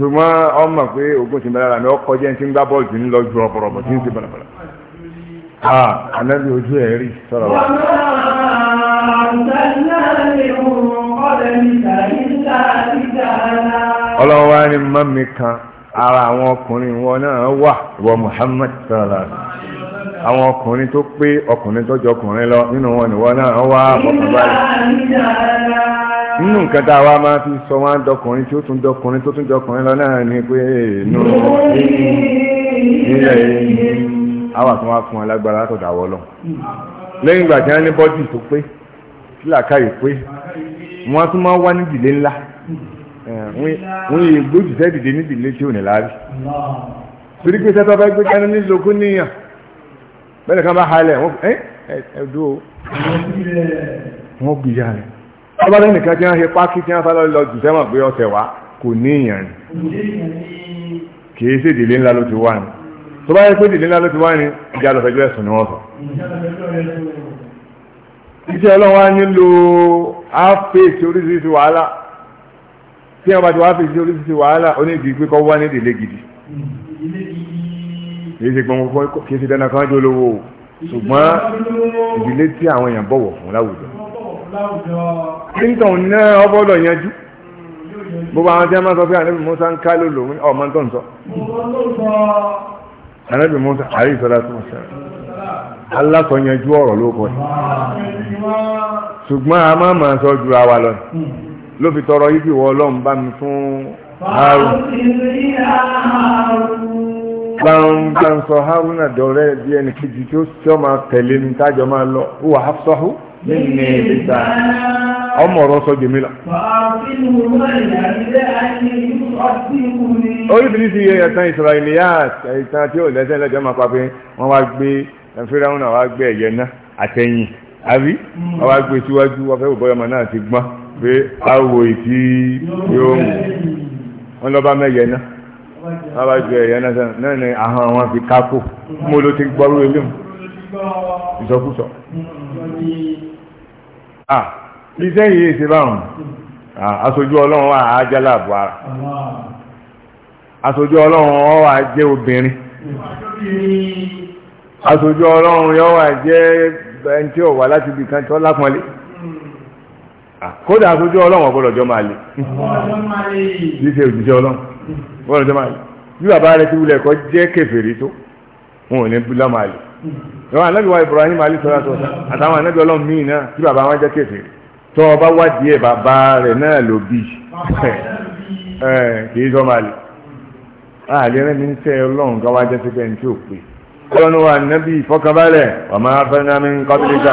ṣùgbọ́n ọmọ pé ogun ti bẹ̀rẹ̀ mi ọkọ̀ jẹ́ ti ń gbá bọ́ọ̀lù tí ń lọ ju ọ̀pọ̀lọpọ̀ tí ń ṣe bọ̀lọ̀bọ̀lọ̀. ànábi ojú ẹ̀ rí sọ̀rọ̀ wa. ọlọ́run wá ní mọ́mí kan ara àwọn ọkùnrin wọn náà wà wọ Muhammad sọ̀rọ̀ àwọn ọkùnrin tó pé ọkùnrin tó jọ ọkùnrin lọ nínú wọn ni wọn náà wà ọkùnrin báyìí nínú nǹkan tá a wá máa fi sọ wá dọkùnrin tí ó tún dọkùnrin tó tún dọkùnrin lọ náà ni pé nù ilẹ̀ àwa tó wá fún alágbára látọ̀dà wọ́ lọ lẹ́yìn ìgbà tí wọ́n ní bọ́dì tó pé sílàkàyè pé wọ́n tún máa wá ní ìdílé ńlá wọ́n yìí gbójú sẹ́dìdì ní ìdílé tí ò ní láàrí torí pé sẹ́tọ́ bá gbé kánú ní lókún níyàn bẹ́ẹ̀ kan bá halẹ̀ wọ́n ẹ́ ẹ̀dúró wọ́n gbìyà rẹ̀ ọbádẹ́ nìkan tí wọ́n ṣe pákí tí wọ́n sá lọ jù sẹ́mọ̀ pé ọ̀sẹ̀ wá kò ní èèyàn ni kìí ṣe ìdílé ńlá ló ti wá ni tó bá yẹ pé ìdílé ńlá ló ti wá ni ìjà lọ fẹjọ́ ẹ̀sùn ni wọ́n sọ. iṣẹ́ ọlọ́run á nílò áfẹ́ẹ̀sì oríṣiríṣi wàhálà tí wọ́n bá ti wá áfẹ́ẹ̀sì oríṣiríṣi wàhálà ó ní ìdí pé kọ́ wá ní ìdílé gidi kìí ṣe gbọ́n kìí ṣe dandan kan jó lówó ṣùgbọ́n ìdílé tí Clinton náà ọbọ̀dọ̀ yanjú. Gbogbo àwọn tí a máa sọ pé ànábì Musa ń ká lòlò ọmọ tó ń sọ. Ànábì Musa àrí ìsọ́lá tó ń sọ. Alásọ yanjú ọ̀rọ̀ ló kọ́ ẹ̀. Ṣùgbọ́n a máa máa sọ ju àwa lọ. Ló fi tọrọ yíkì wọ Ọlọ́run bá mi fún Harun. Gbàǹgbàǹsọ Haruna dọ̀rẹ́ bí ẹnì kejì tó sọ máa tẹ̀lé mi tájọ máa lọ. Ó wà á sọ́hún nínú ìgbésà ọmọ ọ̀rọ̀ sọ jèmi lọ. oríṣiríṣi ẹ̀tàn Israeliyat ẹ̀tàn tí ò lẹ́sẹ̀ lẹ́jọ́ máa pa pé wọ́n wá gbé fíráhùn náà wá gbé ẹ̀yẹ náà àtẹ̀yìn àbí hmm. wọ́n wá gbé síwájú wọ́n fẹ́ bọ́yọ̀ máa náà ti gbọ́n pé àwọ̀ ìtì yóò mú wọn lọ́ba mẹ́yẹ náà wọ́n bá gbé ẹ̀yẹ náà sẹ́nu náà ni àhọ́n wọn fi kákò mo ló ti gbọ́rú ilé mu ìsọkúsọ. Hmm à ah, iṣẹ́ yìí ṣe báwọn ah, aṣojú ọlọ́run wà á jẹ́ láàbù ara aṣojú ọlọ́run ọ wà jẹ́ obìnrin aṣojú ọlọ́run yọ wà jẹ́ ẹni tí ó wà láti ibi kan tí ó lápọnlé ah, kódà aṣojú ọlọ́run ọ̀gbọ́dọ̀ jọ máa lè yìí ṣe òjíṣẹ́ ọlọ́run ọ̀gbọ́dọ̀ jọ máa lè bí bàbá rẹ ti wulẹ̀ kọ́ jẹ́ kèfèrí tó wọn ò ní bú lámàlè ìwọ̀n anábì wa Ibrahim alayhi salatu wa sallam àtàwọn anábì ọlọ́run míì náà tí bàbá wọn jẹ́ kéfì tó o bá wádìí ẹ̀ bàbá rẹ̀ náà ló bí [LAUGHS] kì í sọ́mà lè àlè rẹ̀ ní sẹ́ ọlọ́run káwá jẹ́ sí pé ẹni tí ò pé ọlọ́run wa anábì ìfọkànbalẹ̀ ọmọ afẹ́nàmí kọ́bílíkà.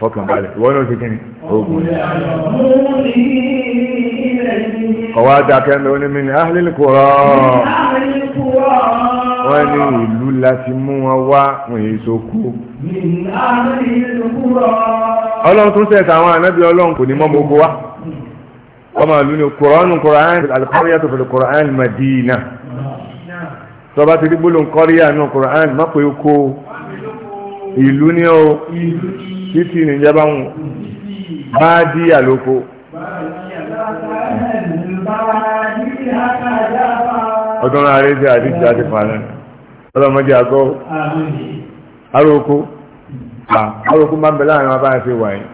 fọkàn balẹ̀ ìwọ náà ṣe kí ni ogun ọwọ́ adákẹ́ mi ó ní mi ní ahlil qura wọ́n ní ìlú láti mú wọn wá wọn èyí sókú ọlọ́run tún sẹ̀ta àwọn ànábì ọlọ́run kò ní mọ́ gbogbo wa ọmọ ìlú ni kùránù kùránù alqaryatu fil kùránù madina tọba ti rí gbólóhùn kọ́ríyà náà kùránù má pé oko ìlú ni ó títí ní ìjọba ń bá dí àlòkò. ọdún náà jẹ́ àdíjì àti fàánà ọlọ́mọdé àgọ́ aróko aróko máa ń bẹ láàrin wọn bá ṣe wà yìí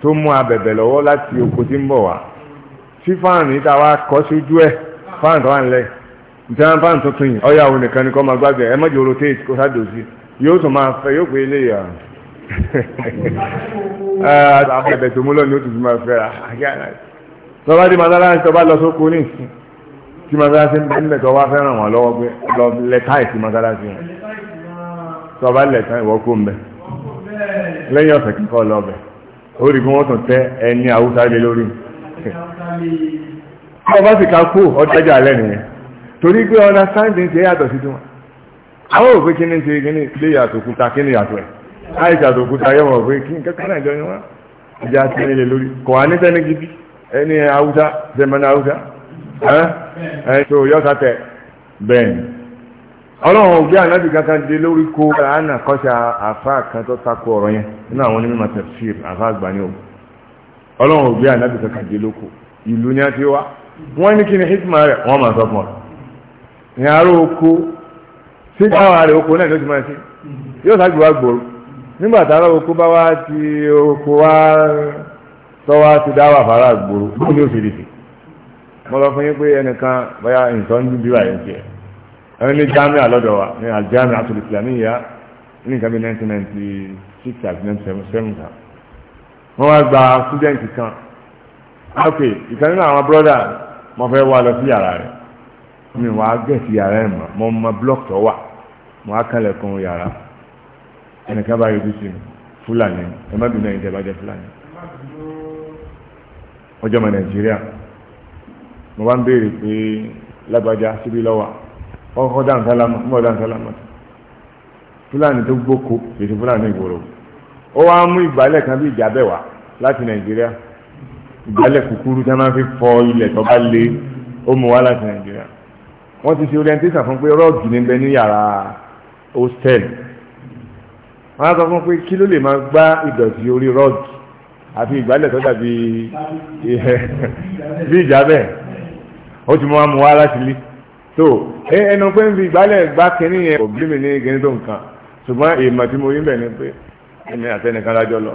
tó mú abẹ̀bẹ̀ lọ́wọ́ láti oko tí ń bọ̀ wá tí a wá kọ́ síjú ẹ̀ tó wà nílẹ̀ nítorí wọn òun nìkan ni kọ́ máa rotate kó àbẹ̀bẹ̀ tó mú lọ́nà ó tún fi máa fẹ́ tọ́ba di madara ní tọ́ba lọ sóko ní ìsìn tí madara ti ń bẹ nílẹ̀ tọ́ba fẹ́ràn wọn lọ́wọ́ pé lọ lẹ́tà ìsìn madara ti hàn tọ́ba lẹ́tà ìwọ́ kó ń bẹ lẹ́yìn ọ̀sẹ̀ kíkọ́ lọ bẹ̀ ó rí bí wọ́n tún tẹ ẹni àwùsá lé lórí tọ́ba sì ká kú ọ̀dájà alẹ́ nìyẹn torí pé ọ̀nà sáǹdì ń ṣe yàtọ̀ sí tiwọn àwọn òfin kí ni ṣe kí ni ilé yàtọ̀ òkúta kí ni yàtọ̀ ẹ̀ àìsà tó kú táyé wọn pé kí nǹkan kan àjọ ni wọn ìjà ti nílẹ̀ lórí kò wá ní sẹ́ni gidi ẹni haúsá sẹ́mẹ́ni haúsá ẹ̀ tó yọ̀ọ́sà tẹ̀ bẹ́ẹ̀ ni ọlọ́run ògbé ànábì kankan dé lórí kó àánà àfa kan tó takò ọ̀rọ̀ yẹn nínú àwọn onímọ̀ àfa àgbà ni o ọlọ́run ògbé ànábì kankan dé lóko ìlú ni ọ nígbà tára oko bá wá ti oko wá tọ́wá ti dá wà fara gbòòrò bó ni ó ṣe lè fi mo lọ fún yín pé ẹnìkan bóyá nǹkan ń bí báyìí jẹ ẹni ní jamiu alọ́dọ̀ wa ní aljamiu atolifilamiya ní nǹkan bí nineteen six àti nineteen seven kan wọ́n wá gba student kan ah, ok ìkan nínú àwọn brọ́dà mo fẹ́ wá lọ sí yàrá rẹ̀ mi wàá gẹ̀ẹ́sì yàrá ẹ̀ mọ́ mo mọ blọ́ọ̀kì tó wà mo á kálẹ̀ kún yàrá ẹnìkan bá yọjú sí fúlàní ẹ má bínú ẹ̀yin tẹ́ fúlàní ọjọ́ ọmọ nàìjíríà mo bá ń béèrè pé lágbájá síbi lọ́wọ́ ọkọ̀ dáńsálámà ń bọ̀ fúlàní tó gbóko fúlàní ìgboro ó wá mú ìgbálẹ̀ kan bí ìjà bẹ̀ wá láti ilẹ̀ tó bá lé ó wọ́n á sọ fún pé kí ló lè máa gbá ìdọ̀tí orí rọ́ọ̀dù àfi ìgbálẹ̀ tó dàbí bí ìjà bẹ́ẹ̀ ó ti mú wa mú wa láti lé tó ẹnu pé ń fi ìgbálẹ̀ gbá kínní yẹn òbí mi ní kíní tó nǹkan ṣùgbọ́n èèmọ̀ tí mo rí bẹ̀ ni pé èmi àtẹnìkan lájọ́ lọ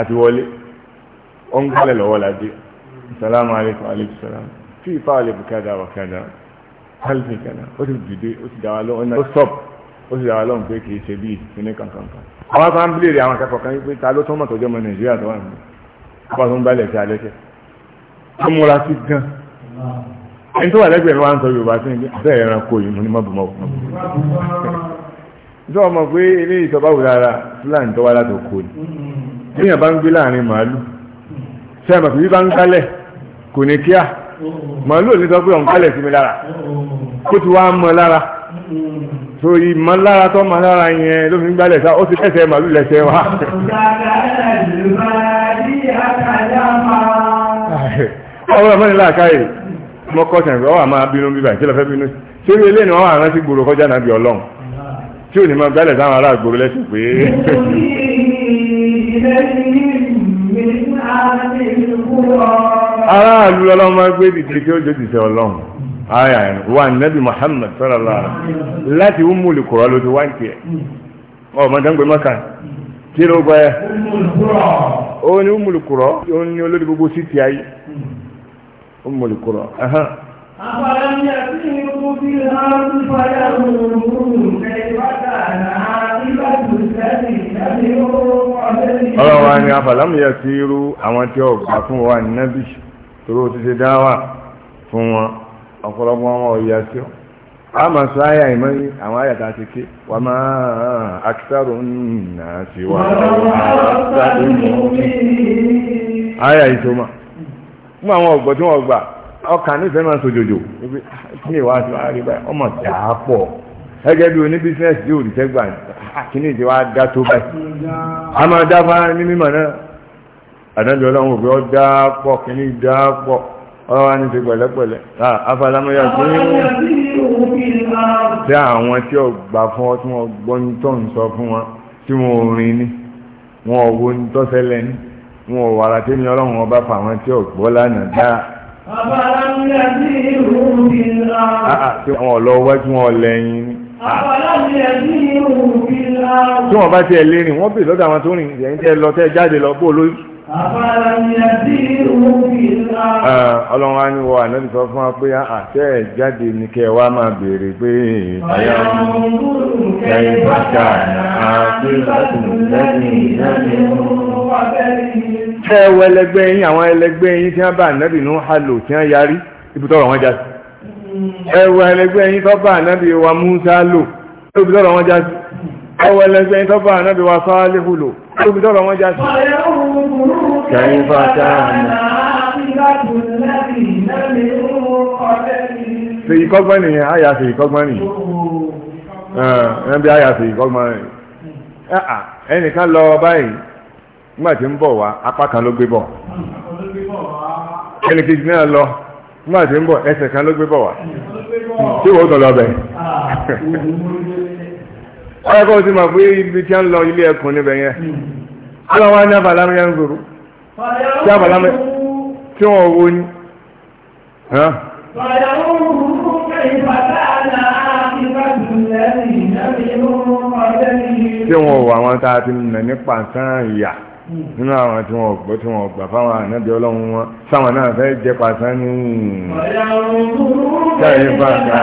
àti wọlé ó ń gbálẹ̀ lọ́wọ́ ládé salamu alaikum alaikum salam fi ìfáwọlẹ̀ bùkádà wà kádà hálfin kádà ó ti dìde ó ti dà lọ́wọ́ náà ó sọ̀pù ó sì dára lọ́hùn pé kì í ṣe bíi kíní kankan kan àwọn kan ń bílèrè àwọn akẹ́kọ̀ọ́ kan pé ta ló tún mọ̀ tọ́jú ọmọ nàìjíríà tó wà nínú ọba tó ń gbálẹ̀ sí alẹ́ kẹ́ ó múra sí gan ẹni tó wà lẹ́gbẹ̀ẹ́ mi wá ń sọ yorùbá sí ní bẹ́ẹ̀ ẹranko yìí mo ní mọ́bù mọ́bù sọ ọmọ pé ilé ìtọ́ba wò rárá fúlàní tó wá látò kò ní èèyàn bá ń gbé láàrin màálù ṣé àmọ̀ fìbí bá ń gbálẹ̀ kò ní kíá màálù ò torí mọ́lára tó mọ́lára yẹn ló fi ń gbálẹ̀ sá ó ti tẹ̀sẹ̀ màlúù lẹ́sẹ̀ wá. ọwọ́ [LAUGHS] ọmọ nílá àkáyè mọ́kọ́ sẹ̀rẹ̀ ọwọ́ àmà bínú bíbà tí lọ fẹ́ bínú ṣé ilé ni wọ́n wà rántí gbòòrò kọjá nàbí ọlọ́run tí ò ní máa gbálẹ̀ sáwọn ará gbòòrò lẹ́sìn pé. [LAUGHS] aráàlú ọlọ́run máa gbé dìde tí ó jó dìde ọlọ́run. aya yẹn wa nabi muhammad sallallahu alaihi lati sallam láti umu lukura ló ti ma dán pé maka kí ló gbọ́ yẹ. ó ní umu lukura ó ní olórí gbogbo sí ti ayé umu lukura. أفلم يسيروا ya الأرض فينظروا كيف كان عاقبة الذين من ni afàlámù yẹ sí irú àwọn tí ó wa ọ̀pọ̀lọpọ̀ wọn ọ̀yà sí ọ a máa sọ àyà àwọn a ké wà máa akitaro sí wa àyà ìsọmọ mú àwọn ọ̀gbọ́n tí wọ́n gbà ọkà nífẹ̀ẹ́ máa sojòjò wípé ah, kí ni ìwà àti àárí báyìí ọmọ dàá pọ̀ gẹ́gẹ́ bí oní bísíǹsì yóò rí ah, kí ni dá tó báyìí a máa dá ní náà àdájọ́ ọlọ́run òbí ọ dá kí ni dá ọlọ́wà ní ti pẹ̀lẹ́pẹ̀lẹ́ afẹ́lámọ́yà tí tí àwọn tí ó gbà fún ọ tí wọ́n gbọ́ ní tó ń sọ fún wọn tí wọ́n rìn ní wọn ò wo ní tọ́sẹ̀lẹ̀ ní wọn ò wàrà tí ní ọlọ́run ọba fà wọn tí ó gbọ́ lánàá dáa. afẹ́lámọ́yà tí ìrù bí la. tí wọn lọ wá tí wọn lẹ́yìn ní. afẹ́lámọ́yà tí ìrù bí la. tí wọn bá tiẹ̀ lé rìn wọ́n bè lọ́dọ̀ àwọn tó rìn ẹ̀yìn tẹ́ Ah, Ọlọ́run á ní wọ ànábì sọ fún wa pé ah, àṣẹ ìjáde ní kẹ wá máa béèrè pé ìbáyá ìjẹ ìbájá àti lẹ́yìn lẹ́yìn tẹ́ ẹwọ ẹlẹgbẹ́ yín àwọn ẹlẹgbẹ́ yín tí wọ́n bá ànábì ní halo tí wọ́n yarí ibi tọ́rọ̀ wọn já sí ẹwọ ẹlẹgbẹ́ yín tó bá ànábì wa Mùsá lò ibi tọ́rọ̀ wọn já ẹwọ lẹ́sẹ̀ tó bá ànábì wa Sàálíhù lò tóbi tọ́rọ wọn já sí kẹfà tààmà sí ìkọ́gbọ́n ni àyà sí ìkọ́gbọ́n ni ẹ̀ẹ́bí àyà sí ìkọ́gbọ́n ni ẹnìkan lọ báyìí nígbàtí ń bọ̀ wá apá kan ló gbé bọ̀ ẹnìkejì náà lọ nígbàtí ń bọ̀ ẹsẹ̀ kan ló gbé bọ̀ wá tí wọ́n tọ̀ lọ bẹ̀ ọ̀rẹ́kọ́ ti mọ̀ pé ibi tí a ń lọ ilé ẹkùn níbẹ̀ yẹn ọlọ́wọ́ á ní abàlámi yẹn ń zòrò tí abàlámi tí wọ́n wo ni. tí wọ́n wọ àwọn tá a ti nà nípa sáà yà nínú àwọn tí wọn gbọ́ tí wọn gbà fáwọn ànábì ọlọ́run wọn sáwọn náà fẹ́ jẹ pàṣán ní ṣẹ́yìn bàtà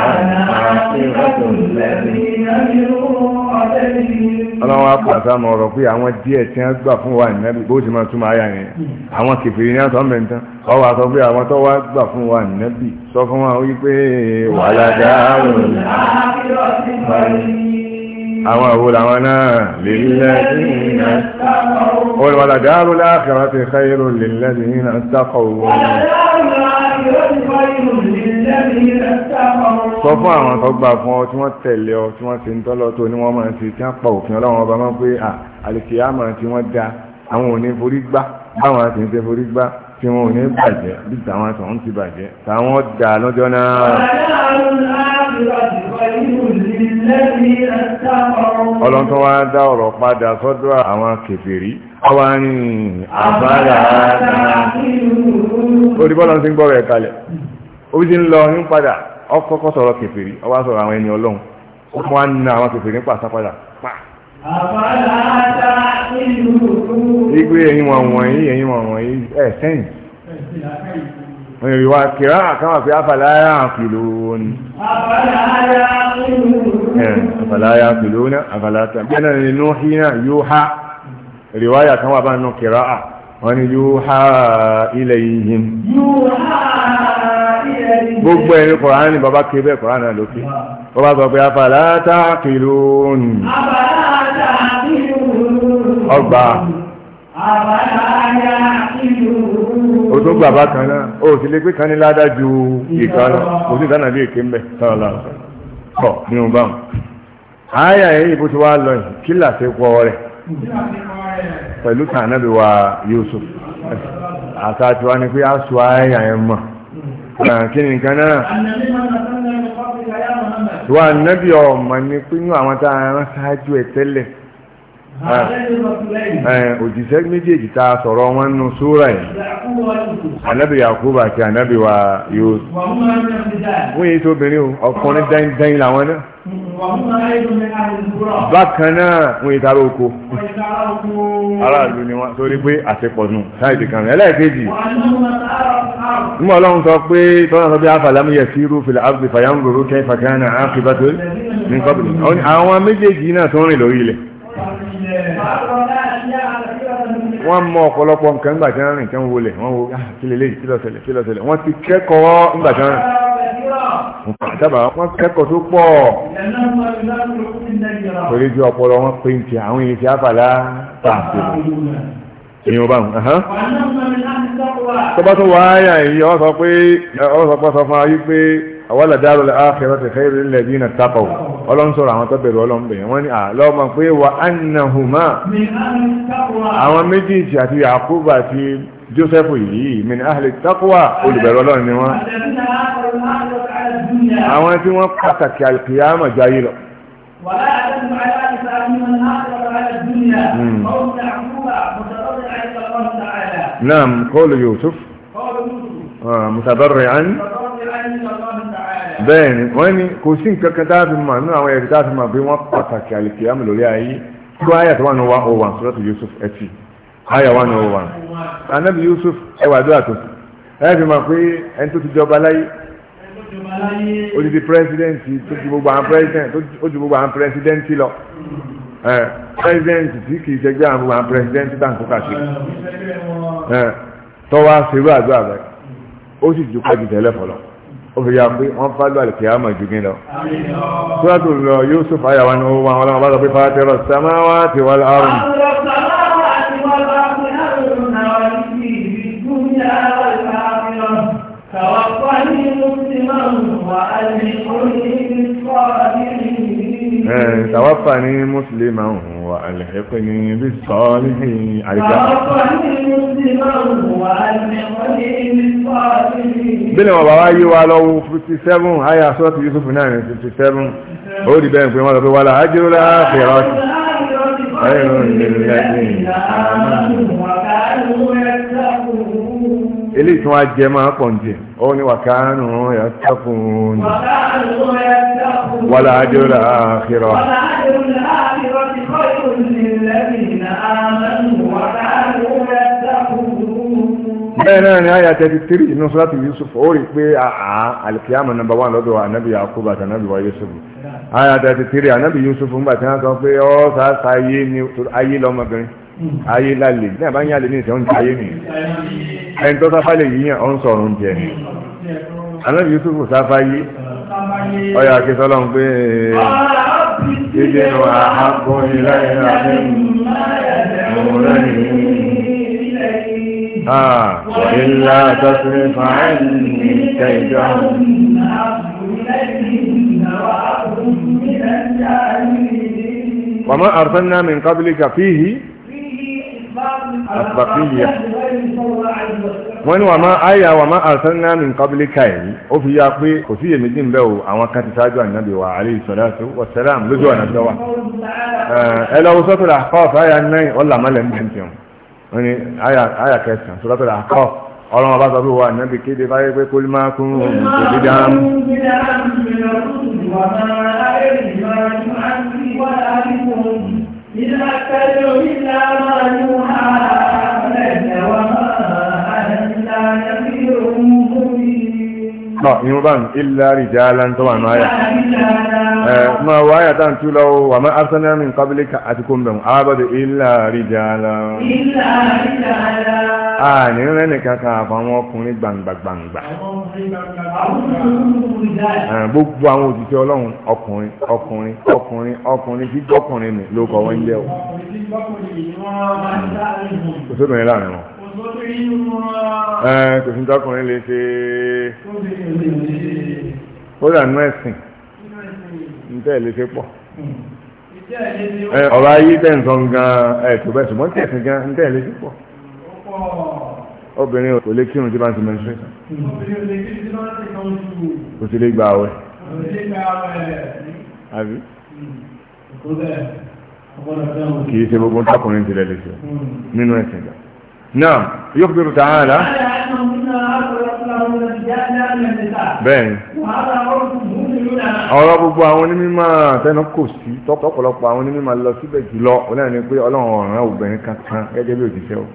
ọlọ́run apàṣà mọ̀ ọ̀rọ̀ pé àwọn díẹ̀ tí wọ́n gbà fún wa ànábì bó ti máa túmọ̀ ayà yẹn àwọn kèfèrí ní àtọ́ mẹ́ntán ọwọ́ àtọ́ pé àwọn tó wá gbà fún wa ànábì sọ fún wa wípé wàhálà dáhùn àwọn àwòrán àwọn náà lèlẹ́dínà olùwàlà dáàrú láàkàrà ti káyẹ̀rọ lèlẹ́dínà sákọ̀wọ́ sọ fún àwọn tó gbà fún ọ tí wọ́n tẹ̀lé ọ tí wọ́n ti ń tọ́lọ tó ní wọ́n máa ń tí wọ́n pa òfin ọlọ́run ọba máa pé àlèkè àmà tí wọ́n da àwọn ò ní báwọn àti ń ṣe forí tí wọn ò ní bàjẹ́ bí tàwọn àtọ̀hún ti bàjẹ́ tàwọn dà lọ́jọ́ náà. ọlọ́ntọ́ wa dá ọ̀rọ̀ padà sọ́dọ̀ àwọn kèfèrí ọwá ní àbára orí bọ́lá ti ń gbọ́rọ̀ ẹ̀ kalẹ̀ ó ti ń lọ ní padà ọkọ̀ọ̀kọ̀ sọ̀rọ̀ kèfèrí ọwá sọ̀rọ̀ àwọn ẹni ọlọ́run ó fún wa ń na àwọn kèfèrí pàṣápadà pàṣá Igbe ẹ̀yin wọn wọ̀nyí, ẹ̀yin wọn wọ̀nyí, ẹ̀ sẹ́yìn. Wọ́n yìí wá kìrá àkáwà pé àfàláyà àkìlò ní. Àfàláyà àkìlò ní. Àfàláyà àkìlò ní àfàláyà. Bí ẹ̀nà ni Nuhi náà yóò há. Rìwáyà kan wà bá nù kìrá à. ni yóò há ilẹ̀ yìí. Yóò há gbogbo ẹni kọ̀ránì bàbá kiri bẹ́ẹ̀ kọ̀ránì náà lókè ọgbà kan náà o sì lè pé kan ní ìkan kò sí bí èké ti wá lọ yìí kí làṣẹ pẹ̀lú tànàbí wa Yusuf àtàtúwa ni pé a sọ Ah, kí ni nǹkan náà wà nábì ọ̀mà ni pínú àwọn tá a ẹ̀ tẹ́lẹ̀ Ah. Eh, òjìṣẹ́ méjèèjì tá a sọ̀rọ̀ wọn nù súra yìí ànábì Yakubu àti ànábì wa Yusuf wọ́n yìí tó obìnrin ọkùnrin dáindáin làwọn náà bákan náà wọ́n yìí tara oko aráàlú ni wọ́n torí pé àtẹ̀pọ̀nù sáìdì kan rẹ̀ ẹlẹ́ẹ̀kejì nígbà ọlọ́run sọ pé tọ́lá sọ bí afàlámù yẹ sí irú fìlà áfíríkà yà kẹfà kánà áfíríkà ní kọ́bìnrin àwọn méjèèjì náà tó ń rìn lórí ilẹ̀ wọ́n mọ ọ̀pọ̀lọpọ̀ nǹkan ńgbà tí wọ́n rìn kẹ́ ń wọlé wọ́n wo ah, kí lè léyìí kí lọ ṣẹlẹ̀ kí lọ ṣẹlẹ̀ wọ́n ti kẹ́kọ̀ọ́ ńgbà tí wọ́n rìn dábàá wọ́n kẹ́kọ̀ọ́ tó pọ̀ torí ju ọpọlọ wọn pé ń ti àwọn èyí ti àfàlà pàṣẹ èèyàn bá wọn. tó bá tó wáyà èyí ọ sọ pé ọ sọ sọ fún ayé pé wala darul akhirati khairul lil ladina taqaw ọlọ́run sọ̀rọ̀ àwọn tó bẹ̀rù ọlọ́run bẹ̀yẹn wọ́n ní àlọ́mọ pé wa annahuma àwọn méjèèjì àti yakubu àti joseph yìí min ahli taqwa olùbẹ̀rù ọlọ́run ni wọ́n àwọn tí wọ́n pàtàkì alkiyama jayé lọ. wàhálà àti màálà ìsàmì náà lọ́wọ́ àdúnyà ọ̀hún àkúrà mọ̀tàlọ́dẹ̀ àìsàn ọ̀hún tààlà. naam kọ́ọ̀lù yusuf mutadarri'an. bẹ́ẹ̀ ni wọ́n ní kò sí nǹkan kan táàfi mọ̀ nínú àwọn ẹ̀rí táàfi mọ̀ bí wọ́n pàtàkì àlìkìyàmù lórí ayé tó àyà tó wà ní oh one oh one sọ́dọ̀tù Yusuf ẹtì àyà one oh one anabi Yusuf ẹwà àdúrà tó ẹ fi mọ̀ pé ẹni tó ti jọba láyé ó ti di pírẹsidẹ́ǹtì tó ju gbogbo àwọn pírẹsidẹ́ǹtì ó ju gbogbo àwọn pírẹsidẹ́ǹtì lọ pírẹsidẹ́ǹtì tí kì í ṣẹgbẹ́ àwọn gbogbo àwọn pírẹsidẹ́ǹtì tá à ń kó káàkiri tọ́wọ́ àṣírò àdúrà rẹ̀ ó sì ju pẹ́ẹ́jù tẹ́lẹ̀ fọlọ́ obìnrin àpé wọ́n fálú àlìkìyàmọ̀ jù gín lọ. Sọ́tò lọ Yusuf àyàwó ni ó wà wọn lọ́wọ́ bá sọ pé fàátẹ́rọ̀ samawati wal ardi. Tàwọn fáyé ló ti máa ń wà á ní orí ìfọ́ àbí توفني مسلما وألحقني بالصالحين bílẹ̀ wọn bàbá yí wa lọ́wọ́ fifty seven àyà sọ́ọ̀tì Yusuf náà ní fifty seven ó di bẹ́ẹ̀ pé wọ́n lọ pé wà láà ájúrò láàfin ọ̀tí ẹ̀rọ ìrìnlẹ́gbìn máa pọ̀ ní ní wàkánù ẹ̀ sọ́kùnrin. wàkánù ẹ̀ wàlá àjọ àkírọ̀. bẹ́ẹ̀ náà ni àyà tẹ́tí tírì inú sọ́láàtì Yusuf ó rí pé àà alìkíyàmù nọ́mbà wà lọ́dọ̀ ànábì Yakubu àti ànábì wa Yusuf àyà tẹ́tí tírì ànábì Yusuf ń gbà tí wọ́n sọ pé ọ́ sàásà ayé lọ́mọbìnrin ayé lálẹ́ ní àbáyé alẹ́ ní ìṣẹ́ oúnjẹ ayé nìyẹn ẹni tó sáfà lè yíyàn ọ̀ ń sọ̀rọ̀ oúnjẹ anábì yusuf sáfá yé ọyọ akẹ́sọ́ lọ́n pé jíjẹ́ nù àhábọ̀ ilá ìlà mi múlẹ̀ ní ilá tọ́sí fàánì kẹjọ wàmọ́ àrùsánná mi nǹkan bí lè kà fíhì àtìbàkìyà wọ́n ní wàmá àyà wàmá àrùsánná min qablika yìí ó fi yá pé kò sí èméjì ń bẹ́ o àwọn kan ti ṣáájú ànábì wa alayhi salatu wa salam lójú ọ̀nà tó wà ẹ lọ́wọ́ sọ́tòlá kọ́ọ̀fù àyà náà ọ̀là mọ́lẹ̀ ń bẹ̀ ń tiwọn wọ́n ní kẹsàn sọ́tòlá kọ́ọ̀fù ọlọ́run ọba sọ wa nẹ́bí kéde báyé pé kó kún un kò إن أتبع إلا ما يوحى إلي وما أنا tọ́ irun bá ń ilá rìjà aláǹtọ́ wà náà yà ẹ máa wọ àyàtà ń tú lọ́wọ́ wà má arsenal ní kábílẹ̀ àti kóńbẹ̀ mu alábọ̀dé ilá rìjà aláǹtọ́. àní rẹ̀ nìkan kan àfọwọ́n ọkùnrin gbangba gbangba. Eh, gbogbo àwọn òṣìṣẹ́ ọlọ́run ọkùnrin ọkùnrin ọkùnrin ọkùnrin gbígbọ́kùnrin mi ló kọ́ wọ́n jẹ́ o. òṣèlú yẹn láàrin wọn ẹ kò sí tọkùnrin lè ṣe ó dà nú ẹ̀sìn níta lè ṣe pọ̀ ọ̀rọ̀ ayé tẹ̀sán gan ẹ̀ tó bẹ̀ ṣùgbọ́n tẹ̀sìn gan níta lè ṣe pọ̀ obìnrin kò lè kírun tí bá ń ti menstruation kò sí lè gba àwẹ̀ àbí kì í ṣe gbogbo tọkùnrin ti lè lè ṣe nínú ẹ̀sìn gan. نعم يخبر تعالى بين. ọ̀rọ̀ gbogbo àwọn onímọ̀ tẹnu kò sí tọ́pọ̀lọpọ̀ àwọn onímọ̀ lọ síbẹ̀ jùlọ ọlọ́run ni pé ọlọ́run ọ̀ràn obìnrin kankan gẹ́gẹ́ bí òjíṣẹ́ o.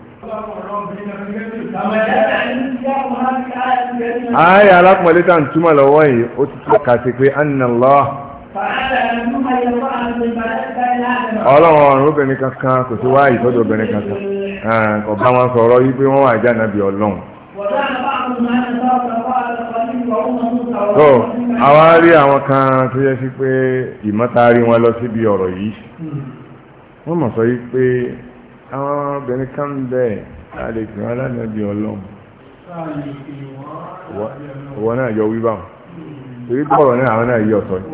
ayé alákùnrin tá à ń túmọ̀ lọ́wọ́ yìí ó ti tọ́ka sí pé annallahu ọlọ́run ọ̀run obìnrin kankan kò sí wá ìtọ́jú obìnrin kankan ah, ọba wọn sọ̀rọ̀ yí pé wọ́n wà jánàbí ọlọ́run tó àwọn rí àwọn kan tó yẹ sí pé ìmọ̀tari wọn lọ síbi ọ̀rọ̀ yìí wọ́n mọ̀ sọ yí pé àwọn obìnrin kan bẹ́ẹ̀ a lè pè wọ́n lánàá bí ọlọ́run wọ́n náà yọ wíwá wọn èyí tó bọ̀rọ̀ náà àwọn náà yí ọ̀tọ̀ ni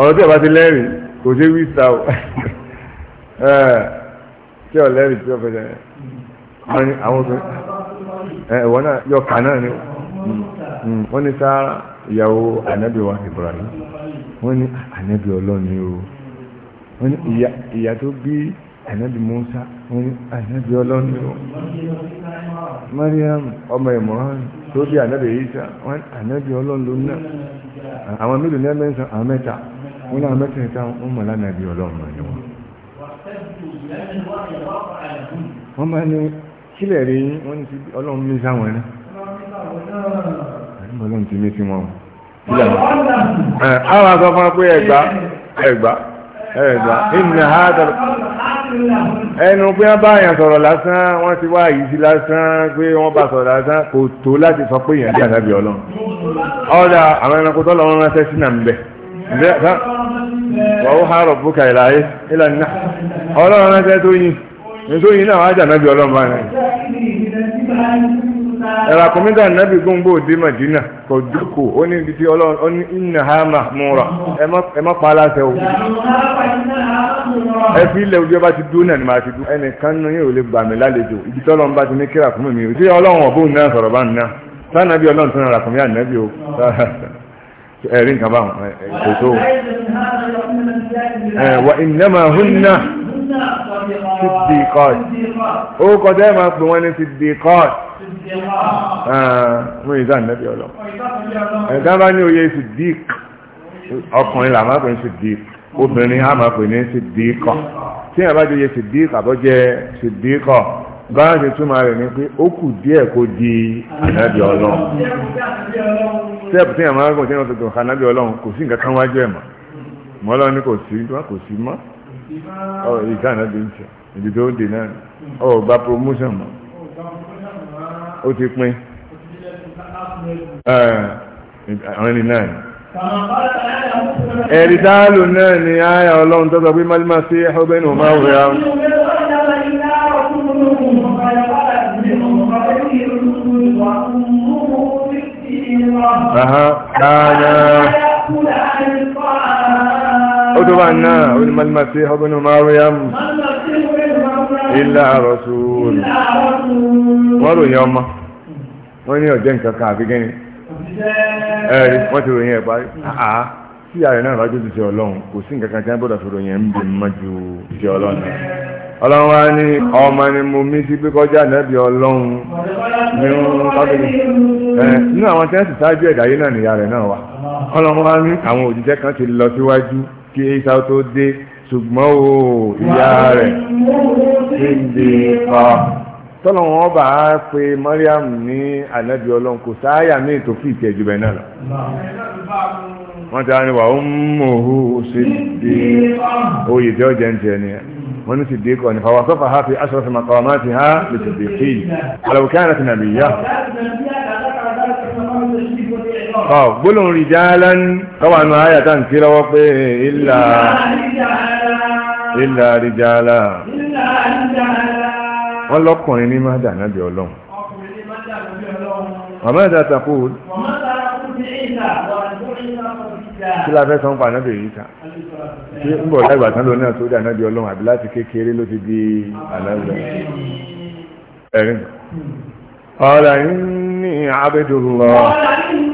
ọ̀rọ̀ tí ọba ti lẹ́rìn kò ṣe wí sa o [LAUGHS] tí ọ lẹ́rìn tí ọ fẹ́ lẹ́rìn àwọn obìnrin ẹ̀wọ̀n náà yọ kà náà ni hmm, wọ́n ní sára ìyàwó ànábì wa Ibrahim wọ́n ní ànábì ọlọ́ni o wọ́n ní ìyá tó bí ànábì Musa ní ànábì ọlọ́ni o Mariam ọmọ ìmọ̀ràn tó bí ànábì Isa wọ́n ànábì ọlọ́ni ló ná àwọn mélòó ní ẹgbẹ́ sàn àwọn mẹ́ta wọ́n náà mẹ́ta ìta wọ́n mọ̀ lánàbì ọlọ́run ni wọ́n. máa ní kílẹ̀ rí wọ́n ti ọlọ́run ẹ̀dà ìnà hádà ẹnu pé wọ́n bá yàn sọ̀rọ̀ lásán wọ́n ti wá yìí sí lásán pé wọ́n bá sọ̀rọ̀ lásán kò tó láti sọ pé yàn jẹ́ àtàbí ọlọ́run ọ̀dà àwọn ẹranko tó lọ́wọ́ ránṣẹ́ sí nà ń bẹ̀ wọ́n há rọ̀ bùkà ìlàyé ìlà nà ọlọ́run ránṣẹ́ tó yin nítorí náà wájà náà bí ọlọ́run bá ẹ̀rọ àkọ́mídà nàbì gbòǹgbò dé Madina kò dúkò ó ní ibi tí ọlọ́run ó ní inna ha mahmura ẹ má pa aláṣẹ o. ẹ fi ilẹ̀ ojú ọba ti dúró náà ni màá ti dúró. ẹnìkan nínú yóò lè gbà mí lálejò ibi tí ọlọ́run bá ti ní kíra fún mi ò sí ọlọ́run ọ̀bùn náà sọ̀rọ̀ bá nìyà sànàbí ọlọ́run tó nàrà kọ́mídà nàbì o ẹ̀rí nǹkan báwọn kò tó. wa innama hunna. Siddiqat ó kọjá ìmọ̀ pé wọ́n ní Siddiqat mú ìzá nẹ́bí ọlọ́ ẹ̀dá bá ní oyè Siddiq ọkùnrin là máa pè ní Siddiq obìnrin á máa pè ní Siddiqat tí ìyàbá jẹ́ oyè Siddiq àbọ̀jẹ́ Siddiqat báyà ṣe túmọ̀ rẹ̀ ni pé ó kù díẹ̀ kó di ànábì ọlọ́run sẹ́ẹ̀pù tí àwọn arákùnrin tí wọ́n ti dùn ànábì ọlọ́run kò sí nǹkan kan wájú ẹ̀ mọ́ mọ́lọ́run ni kò sí kò sí mọ́ ìdá ànábì ń ṣe ibi tó dè náà ọ gba promotion mọ́ ó ti pín àwọn ẹni náà ẹ̀rí dáàlù náà ni àyà ọlọ́run tó sọ pé málímà sí ẹ̀họ́bẹ́ ní ọmọ òwe àwọn. Ó tó bá náà, ó ní málímà sí ẹ̀họ́bẹ́ ní ọmọ òwe àwọn. ilé àrọ̀sù wọ́n ròyìn ọmọ wọ́n ní ọ̀jẹ́ nǹkan kan àfi gẹ́ni ẹ̀rí wọ́n ti ròyìn ẹ̀ àá tí ààrẹ náà rájú ti ṣe ọlọ́run kò sí nǹkan kan tí wọ́n gbọ́dọ̀ fi ròyìn ẹ̀ ń ni mo mí sí pé kọjá nẹ́bí ọlọ́run ní nínú àwọn tí wọ́n ṣáájú rẹ̀ náà wà ọlọ́run wa ní lọ síwájú kí tó dé ṣùgbọ́n o ìyá rẹ̀ ti ń di ọ. tọ́nà wọn bá a pe Mariam ní ànábì ọlọ́run kò sááyà ní ètò fi ìtẹ́jú bẹ́ẹ̀ náà lọ. wọ́n ti á ní wà ó di oyè tí ó jẹ́ ń tiẹ̀ nìyẹn. wọ́n ní sìdí kọ́ni fàwọ́sọ́fà ha fi aṣọ àfihàn kọ́ máa ti há lè sìdí kí. àlọ́ kí á ti nàbì yá. gbólóhùn rijalan tọ́wà nù ayàtà lọ́wọ́ pé wọ́n lọ́kùnrin ní máa dànà bí ọlọ́run kí la fẹ́ ta kí ń bọ̀ láìgbà tán lónìí tó dànà bí ọlọ́run àbí láti kékeré ló ti di ànábì ẹ̀rín ọ̀rọ̀ yìí ní abẹ́dùn lọ. ọ̀rọ̀ yìí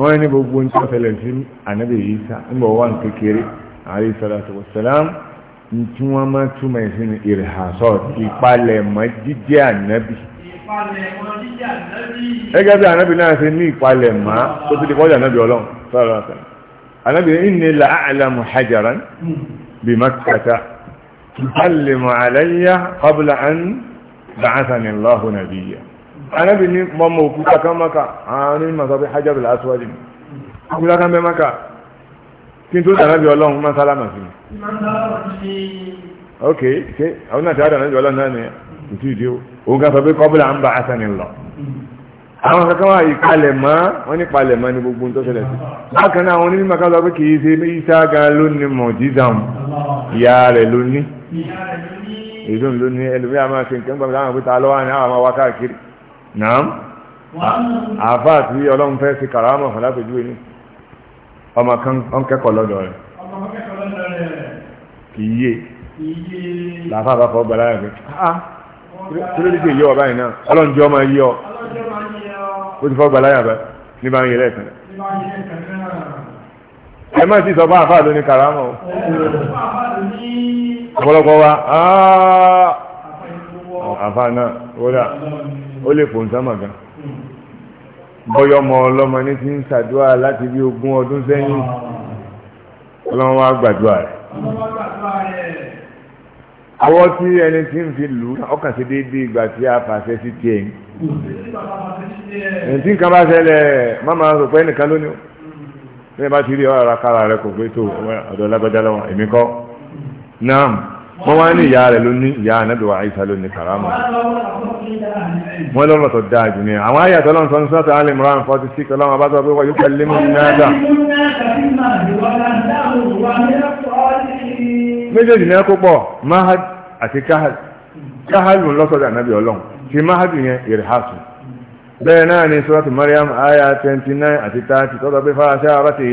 wọ́n ní gbogbo ní ọ̀sẹ̀lẹ̀ sí ànábì Ìsá nígbà wà ní kékeré alayhi salatu wassalam tí wọ́n máa túmọ̀ sí ní ìrìhàsọ́ ìpalẹ̀mọ́ jíjẹ́ ànábì gẹ́gẹ́ bí ànábì náà ṣe ní ìpalẹ̀mọ́ tó ti di kọ́jà ànábì ọlọ́run sọ́rọ̀ ọ̀sẹ̀ ànábì inni la a'lamu hajaran bi makkata tukallimu alayya qabla an ba'athani Allahu nabiyya anábì ní mọ́mọ́ òkúta kan mọ́ka àwọn onímọ̀ sọ pé hajar al-aswad ni òkúta kan bẹ́ mọ́ka kí n tó dànábì ọlọ́run máa sálámà sí mi. ok ṣe àwọn náà ti wá dànábì ọlọ́run náà ni ìtú ìdí o òun kan sọ pé kọ́bùlà ń bá aṣa ni lọ. àwọn kankan wà ìpalẹ̀ mọ́ wọ́n ní palẹ̀ mọ́ ní gbogbo tó ṣẹlẹ̀ sí. bákan àwọn onímọ̀ kan sọ pé kì í ṣe isa gan ló ní mọ̀jísà ìyá rẹ̀ ló ní. ìyá rẹ̀ ló ní. èdè òun ló ní ẹlòmíràn máa ṣe nǹkan gbàgbé àwọn àpótá lọ́wọ́ naam àfa àti ọlọ́run fẹ́ sí karama fàlápẹ̀jú ẹni ọmọ kan ọ̀n kẹ́kọ̀ọ́ lọ́dọ̀ rẹ̀ kì í yé làfa àbáfọ́ gbàlá rẹ̀ ah, kí ló dé pé yọ ọba yìí náà ọlọ́run jẹ́ ọmọ yí ọ ó ti fọ́ gbàlá yà bẹ́ ní bá ń yẹ lẹ́ẹ̀kan ẹ má ti sọ fún àfa àdó ní karama ọ̀pọ̀lọpọ̀ wa áá. Ah, àfa náà kódà ó lè pò ń sámà gan bọ́yọ̀ ọmọ ọlọ́mọ ní ti ń ṣàdúrà láti bí ogún ọdún sẹ́yìn ọlọ́run wá gbàdúrà rẹ̀ ọwọ́ tí ẹni tí ń fi lù ọkàn sí déédéé ìgbà tí a fàṣẹ sí tiẹ̀ ń ẹ̀ǹtí nǹkan bá ṣẹlẹ̀ má máa rò pé ẹnìkan lónìí o bí ẹ bá ti rí ọ̀rọ̀ ara kára rẹ kò gbé tó ọ̀dọ̀ lágbájá lọ́wọ́ èmi kọ́ náà wọ́n wá ní ìyá rẹ̀ lóní ìyá anábìwá àìsà lóní karama wọ́n lọ́rọ̀ tó dáa jù ní àwọn ayé àtọ́lọ́ ń sọ ní sọ́tà alẹ́ mìíràn forty six ọlọ́run abá sọ pé wọ́n yóò kẹ́ lé mú náírà. méjèèjì ní ẹkọ pọ̀ mahad àti kahad kahad ló ń lọ́sọ̀dọ̀ anábì ọlọ́run ti mahad yẹn ìrìhásù bẹ́ẹ̀ náà ni sọ́tà mariam aya twenty nine àti thirty tọ́tọ̀ pé fáwọn aṣáá bá ti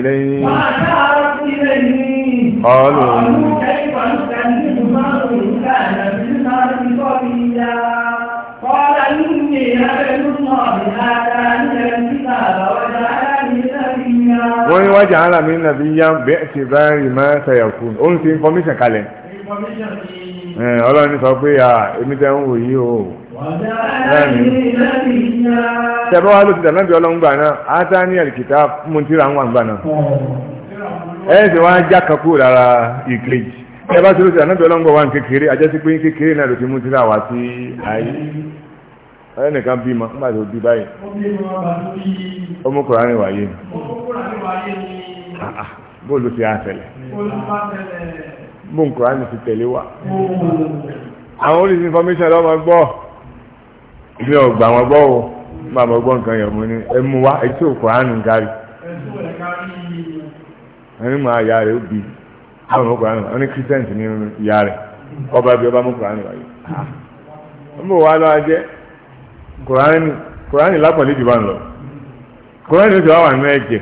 wájà ara mi nàbí yá bẹ́ẹ̀ ti báyìí máa ṣàyàkú ó ń fi information kalẹ̀ ọlọ́run sọ pé èmi o wa ló ti dàbí ọlọ́run gbà náà ata ní ẹ̀lìkìtà mùtírà ń wà gbà náà ẹ̀ ṣe wá já kan kúrò lára ìkejì tẹ́bá tó ló ti dàbí ọlọ́run gbà ti Ah, ah. bóòlù ti àṣẹlẹ̀ bóòlù kùránì ti tẹ̀lé wa àwọn olùsí information lọ́mọ gbọ́ ilé ọgbà wọn gbọ́ o máa mọ gbọ́ nǹkan yẹn mo ẹ mú wa etí òkú ẹni máa ó bi àwọn ọmọ wọn christian ní ọba bí ọba mú wáyé ah. wa lọ ó ti wá wà nínú ẹ̀jẹ̀.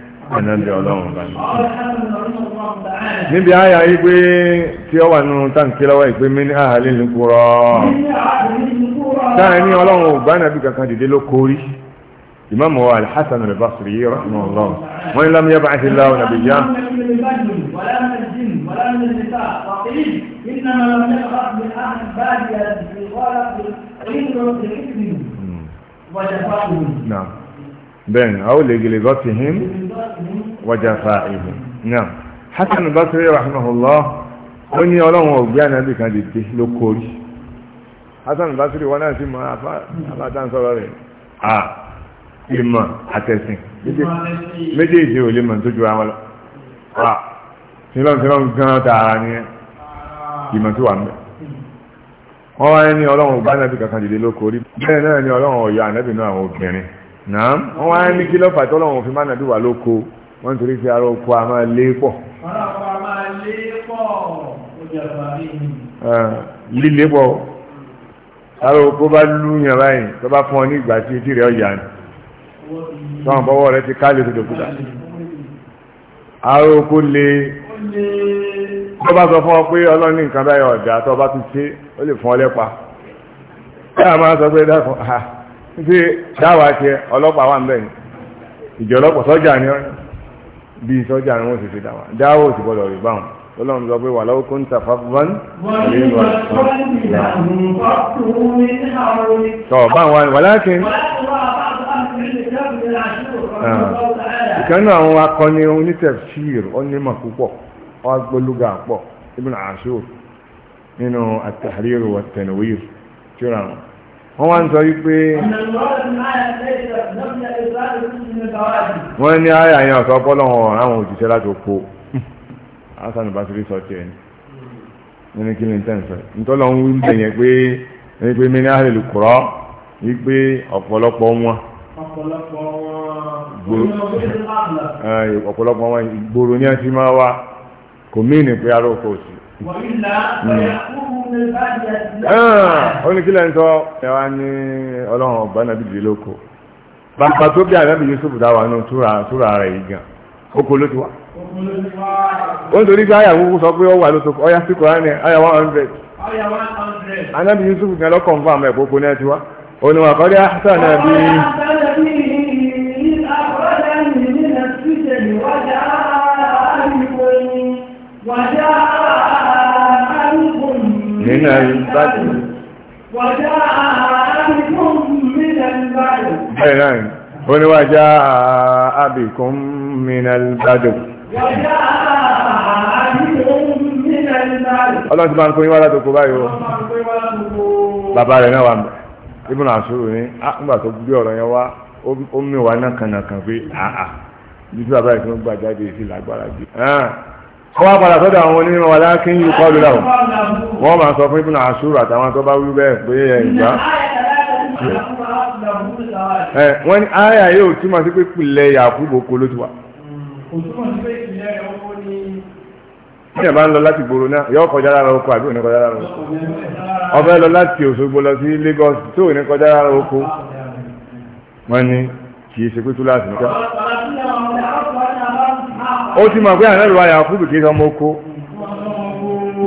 ànábì ọlọ́run bá ní. níbi àyà yìí pé tí ó wà nínú táǹkì lọ́wọ́ ìpè mí ní àhàlì nìkúrọ́ táà ní ọlọ́run ò bá nàbí kankan dìde ló kórí imam wa alhassan al-basri rahimahullah wa lam yab'ath illahu nabiyyan نعم bẹ́ẹ̀ni a ó lè gèlè gọ́tì him wàjà fa ìhìn náà Hasan Basri rahimahullah ó ní ọlọ́run ògbé ànábì kan dìde ló kórí Hasan Basri wọn náà sì mọ afáàtà ń sọ̀rọ̀ rẹ̀ à ìmọ̀ àtẹ̀sìn méjèèjì ò lè mọ̀ tó ju àwọn lọ à sílọ́n sílọ́n gan tààrà ni ìmọ̀ tó wà ń bẹ̀ wọ́n wáyé ní ọlọ́run ògbé ànábì kankan dìde ló kórí bẹ́ẹ̀ náà ní ọlọ́run ọ̀yọ́ ànábì náà àwọn obìnrin náà wọ́n wá ní kí lọ́fà tọ́lọ́wọ́n fi máa nàbí wà lóko wọ́n torí fi ara oko a máa lé pọ̀. Ah, líle pọ̀ ara oko bá lú yàn báyìí tó bá fún ọ ní ìgbà tí etí rẹ̀ ọ̀yà ni tọ́wọ́n bọ́wọ́ rẹ̀ ti káàlì tó dòkúta ara oko lè tó bá sọ fún ọ pé ọlọ́run ní nǹkan báyọ̀ ọ̀dà tó bá ti ṣe ó lè fún ọ lẹ́pa ẹ máa sọ pé dákun ha. Ah, ṣe dáwà tiẹ̀ ọlọ́pàá wà ń bẹ̀ ni ìjọ ọlọ́pàá sọ́jà ni wọ́n bí sọ́jà ni wọ́n sì fi dáwà dáwà ò sì gbọ́dọ̀ rí báwọn ọlọ́run sọ pé wà lọ́wọ́ kó ń ta fàbọn nínú àtúnṣe tọ́ báwọn wà láti ìkànnì àwọn akọni onítẹ̀fṣìr onímọ̀ púpọ̀ ọgbọ́lúgà pọ̀ Ibn Ashur nínú at-Tahrir wa at-Tanwir tíra wọ́n wá ń sọ wípé wọ́n ní ayé àyàn ọ̀sọ́ ọpọlọ́wọ́ àwọn òjíṣẹ́ láti oko asan ìbáṣirí sọ tiẹ̀ ní ní kí ni sọ ń wí pé ẹni pé mẹ́ni lè kúrọ́ wípé ọ̀pọ̀lọpọ̀ wọn ọ̀pọ̀lọpọ̀ wọn ní ti máa wá kò mí ní pé sí. ó kílẹ̀ ń sọ ẹwà ní ọlọ́run ọ̀gbọ́n nàbí dìde lóko bàbá tó bí àbẹ́bí Yusuf dáwà nù túra rẹ̀ yìí gan oko ló ti wá ó ń torí pé sọ pé ó wà ọyá sí Yusuf gan fún àmọ́ ẹ̀kọ́ oko من البدو وجاء أبكم من البدو بينان قل وجاء أبكم من البدو وجاء أبكم na bàbá rẹ̀ náà wà mẹ́ ibùn àṣírò ní àgbà tó gbé ọ̀rọ̀ yẹn wá ó mìwà náà kànàkàn pé àà ah, ah, bí bàbá gbà jáde sí lágbára jù wọ́n padà sọ́dọ̀ àwọn onímọ̀ wà láàkí yìí kọ́ lóra wọn wọ́n sọ fún ìpínlẹ̀ àṣúrò àtàwọn tó bá wí bẹ́ẹ̀ pé ẹ̀ ìgbà ẹ̀ wọ́n ní àyà yóò túmọ̀ sí pé pìlẹ̀ Yakubu oko ló ti wà. ní ẹ̀ bá ń lọ láti gbòòrò náà yọ kọjá lára oko àbí òní kọjá lọ láti Lagos tó òní kọjá lára oko wọ́n kì ó ti mọ̀ pé ànábìwá yà fún ìbùkún ọmọ oko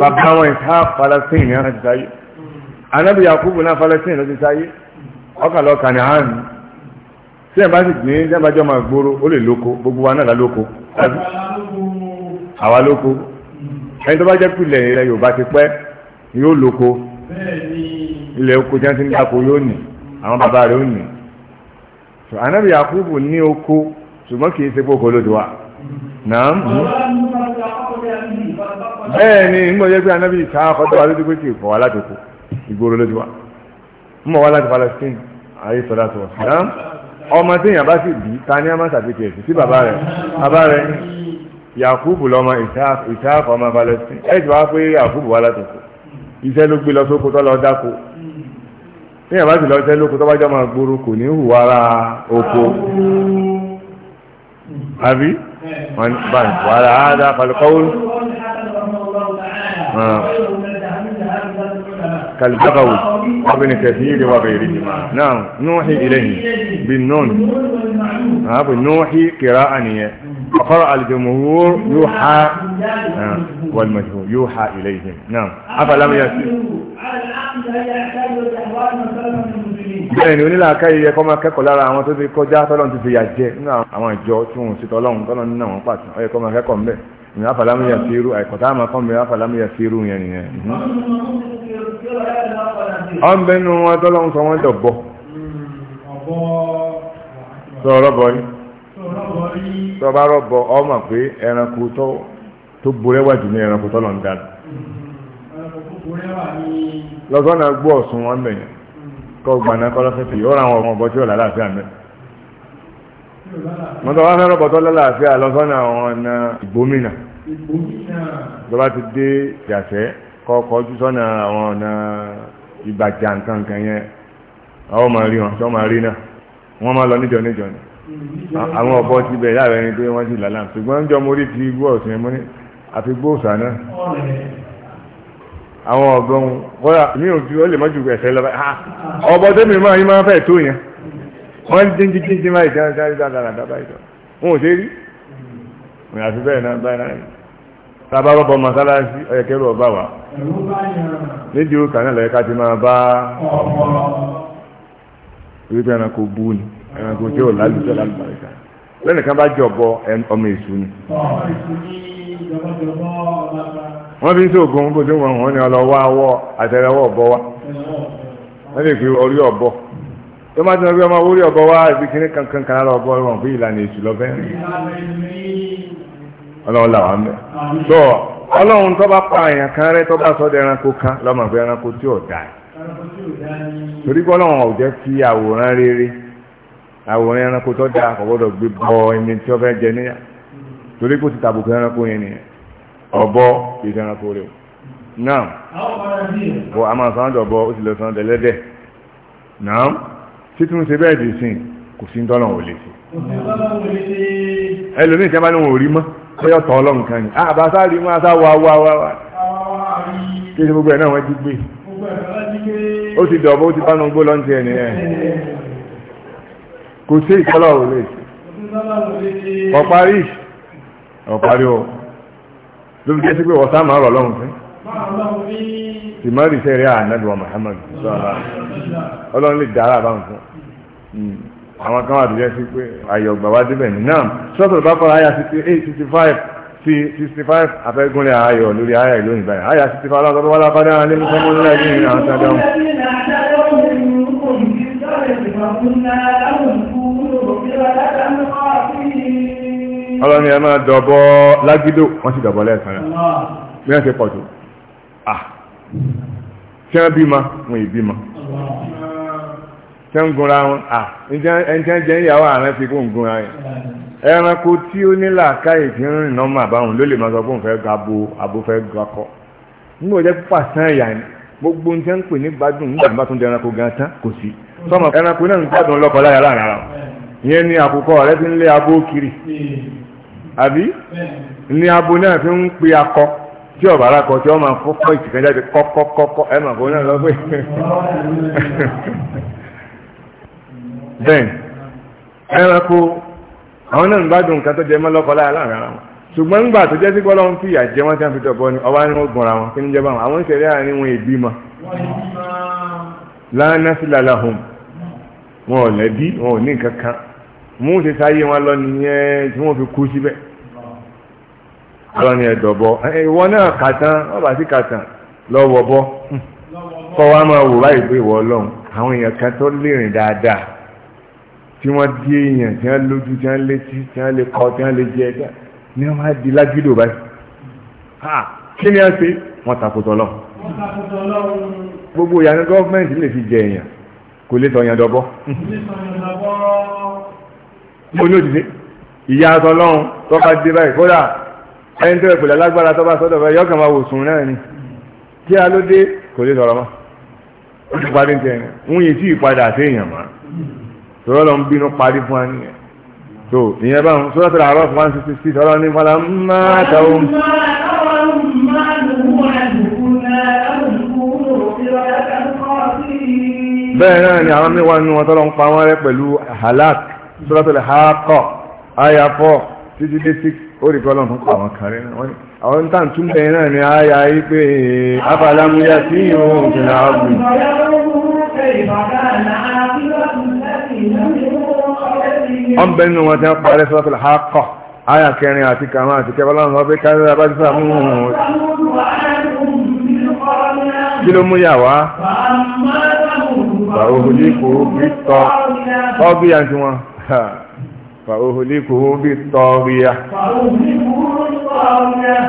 bàbá wọn ìta Palestine ní àti sáyé ànábì Yakubu náà Palestine ló ti sáyé ọkàlọ́ Kanaani tí ẹ̀ bá sì ní dábàjọ́ máa gbòòrò ó lè lóko gbogbo wa náà lálóko àwa lóko ẹni tó bá jẹ́ pìlẹ̀ ilẹ̀ Yorùbá ti pẹ́ yóò lóko ilẹ̀ oko jẹ́ ti ń dáko yóò nì àwọn bàbá rẹ̀ ó nì ànábì Yakubu ní oko ṣùgbọ́n kì í ṣe pé oko naam bẹ́ẹ̀ ni nígbà yẹ pé anábì ìsáàkọ́tọ́ wa lójú pé kì í fọ́ wa láti kú ìgboro lójú wa ń bọ̀ wá láti Palestine ayé sọ́dá tó naam ọmọ tí èèyàn bá sì bí ta ní àmà sàbí tiẹ̀ sí bàbá rẹ̀ bàbá rẹ̀ Yakubu lọ́mọ ìsáàkọ́ ọmọ Palestine ẹ̀ ti wá pé Yakubu wa láti kú iṣẹ́ ló gbé lọ sóko tó lọ dáko ní ẹ̀bá ti lọ iṣẹ́ lóko tó bá jọ máa gbòòrò kò ní hùwà oko àbí. وعلى هذا فالقول آه. كالبغوي وابن كثير وغيرهما نعم نوحي إليه بالنون آه، بالنوحي قراءة وقرأ الجمهور يوحى والمجهول يوحى إليهم نعم أفلم يسير bẹ́ẹ̀ ni onílàákàyè yẹ kó máa kẹ́kọ̀ọ́ lára àwọn tó ti kọjá tọ́lọ́n ti fi yà jẹ nínú àwọn ìjọ tí wọ́n ti tọ́lọ́n tọ́lọ́n nínú àwọn pàtó ó yẹ kó máa kẹ́kọ̀ọ́ mbẹ́ ìyẹn afàlámúyà sí irú àìkọ̀tà àmà kan afàlámúyà sí yẹn nìyẹn. ọ̀n bẹ́ẹ̀ nu wọn tọ́lọ́n sọ wọ́n dọ̀ bọ̀ sọ̀rọ̀ bọ̀ yìí tó bá rọ̀bọ̀ ọmọ pé ẹranko tó borẹ́wà jù ní ẹranko tó lọ ń dáná lọ́sọ́nà gbọ́ ọ̀sùn wọn mẹ́yìn kọ́ gbàná kọ́ lọ́fẹ́fẹ́ yóò ra àwọn ọmọ ọ̀bọ tí ò lálàáfíà mẹ́ wọ́n tó wá fẹ́ rọ̀bọ̀ tó lálàáfíà lọ́sọ́nà àwọn ọ̀nà ìgbómìnà tó bá ti dé jàfẹ́ kọ́ kọjú sọ́nà àwọn ọ̀nà ìbàjá nǹkan kan yẹn àwọn ọmọ rí wọn tí máa rí náà wọ́n máa lọ níjọ níjọ ni àwọn ọ̀bọ ti bẹ̀ yára ẹni pé wọ́n ti làlá ṣùgbọ́n ń jọ mo rí ti igbó ọ̀sìn ẹ̀mú ní àfi gbóòsà náà àwọn ọ̀gbọ́n wọ́n mi ò fi ó lè mọ́jú ẹ̀fẹ́ lọ́ba ọ̀bọ tẹ́mi máa yín máa fẹ́ tó yẹn wọ́n ń dín dín dín máa ìdáná dáná dáná dáná dáná ìtọ́ wọn ò ṣe rí ìrìn àfi bẹ́ẹ̀ náà báyìí náà sábà rọ́bọ mọ́sálásí ọ̀yẹ̀kẹ́rù ọba wa nídìí ó kàn náà lọ́yẹ̀ká ti máa bá ọ̀pọ̀ wípé ẹranko bú ni. ẹranko tí lálùbáríkà lẹ́nu kan bá jọ̀bọ ọmọ èṣù ni. wọ́n fi ń bó wọ̀n wọ́n ní ọlọ́wọ́ ọ̀bọ wa wọ́n lè fi orí ọ̀bọ tó má ti lọ bí ọmọ orí ọ̀bọ wa ibi kíní kankan kan kan kan pé ẹranko tí ò dáa torí ò jẹ́ àwòrán rere àwòrán ẹranko tó dáa kò gbọ́dọ̀ gbé bọ ẹni tí ó fẹ́ jẹ níyà torí kò ti tàbùkù ẹranko yẹn nìyẹn ọ̀bọ ìṣẹ́ ẹranko rẹ̀ náà bọ a máa sọ́ndọ̀ ọ̀bọ ó sì lọ sọ́ndọ̀ ẹlẹ́dẹ̀ náà títún ṣe bẹ́ẹ̀ dì sí kò sí tọ́lọ̀ ò lè ṣe ẹlòmíì tí a bá ní wọn ò rí mọ́ bóyá ọ̀tọ̀ ọlọ́run kan ni àbá ah, sá rí mọ́ a sá wa wa wa wa kí ṣe gbogbo ẹ̀ náà wọ́n ti gbé ó ti dọ̀bọ̀ ó ti bá nu gbó lọ́ntì kò sí ìtọ́lọ̀ ò lè ṣe ọ̀parí ọ̀parí ọ̀ ló fi jẹ́ sí pé ọ̀sá máa rọ̀ lọ́hùn fún sì má rí sẹ́rí ànábì Muhammad sọ́ra ọlọ́run lè dára bá ń fún hmm. àwọn kan wà tó jẹ́ sí pé ayọ̀ ọgbà wá débẹ̀ ní náà sọ́tọ̀ bá fọ́ra àyà sixty five sí sixty five afẹ́gúnlẹ̀ ayọ̀ lórí àyà ìlú ìbáyà àyà sixty five aláwọ̀ wọlé abádá alẹ́ mú sọ́mọ́ nílẹ̀ ní àwọn sádáhùn. ọlọ́ni ẹ máa dọ̀bọ lágídò wọ́n sì dọ̀bọ lẹ́ẹ̀kan náà bí wọ́n ti pọ̀ tó à ah. tí wọ́n bímọ wọn ì bímọ tí wọ́n gunra wọn à ah, ẹni tí wọ́n jẹ́ ìyàwó àrùn ti kó ń gunra yẹn ẹranko tí ó ní làákàyè tí ń rìn nọ́mà báwọn ló lè máa sọ fún fẹ́ ga bo abo fẹ́ ga kọ́ nígbà jẹ́ pàṣán ìyá ni gbogbo ní tẹ́ ń pè ní gbádùn nígbà tí wọ́n tún di ẹranko gan tán kò sí sọmọ ẹranko náà ń gbádùn lọ́kọ láyà láàrin ara ìyẹn ni àkókò rẹ ti ń lé abo kiri àbí ní abo náà fi ń pe akọ tí ọ̀bà alákọ̀ tí wọ́n máa fọ́ ìtìkan jáde kọ ẹ̀ máa fọ́ náà lọ pé bẹ́ẹ̀ ẹranko àwọn náà ń bá dùn jẹ láyà láàrin ara wọn ṣùgbọ́n tó jẹ́ sí tí ni ọba ni gbọ́nra wọn kí jẹ́ báwọn àwọn ìṣẹ̀lẹ̀ àárín wọn lánàá sí wọn ò lẹ́bí wọn ò ní mú ṣe sáyé wọn lọ nìyẹn tí wọ́n fi kú síbẹ̀ lọ́ni ẹ̀dọ̀bọ ìwọ náà kàtàn ọba sí kàtàn lọ́wọ́ bọ́ kọ́ wa máa wò báyìí pé ìwọ ọlọ́run àwọn èèyàn kan tó lérìn dáadáa tí wọ́n di èèyàn tí wọ́n lójú tí wọ́n létí tí wọ́n lè kọ́ tí wọ́n lè jẹ ẹ̀dá ni wọ́n á di lágídò báyìí kí ni a ṣe wọ́n takùtọ̀ lọ. gbogbo ìyanu gọ́ọ̀mẹ̀ntì lè fi jẹ èèyàn kò lè tọ̀yàn dọ̀bọ mo ní òdìdí ìyá àtọlọ́run tó bá dé báyìí kódà ẹni tó ìpìlẹ̀ lágbára tó bá sọ́dọ̀ báyìí yọ́kàn máa wò sùn náà ni kí a ló dé kò lè sọ̀rọ̀ mọ́ ó ti parí tẹ̀ ń yìí tí ìpadà àti èèyàn mọ́ tọ́lọ́ lọ ń bínú parí fún wa nìyẹn tó ìyẹn bá ń sọ́dọ̀ tó àárọ̀ fún wa ń sisi sí tọ́lọ́ ní fọlá máa ta ohun. bẹ́ẹ̀ náà ni àwọn mẹ́wàá nínú wọn tọ́lọ́ ń pa wọn rẹ́ pẹ̀lú halak suratul Haqqa àyà fọ́ títí dé sí orí kọ́lọ̀ fún àwọn kan rẹ̀ wọ́n ni àwọn ń tàn tún bẹ̀rẹ̀ náà ni àyà yí pé afàlámúyá sí ìhòòhùn ìlà ọ̀gbìn ọ̀n bẹ̀rẹ̀ nínú wọn tí wọ́n parẹ́ suratul Haqqa àyà àti kàmá àti kẹfà láwọn wọn. فأهلكه بالطاغية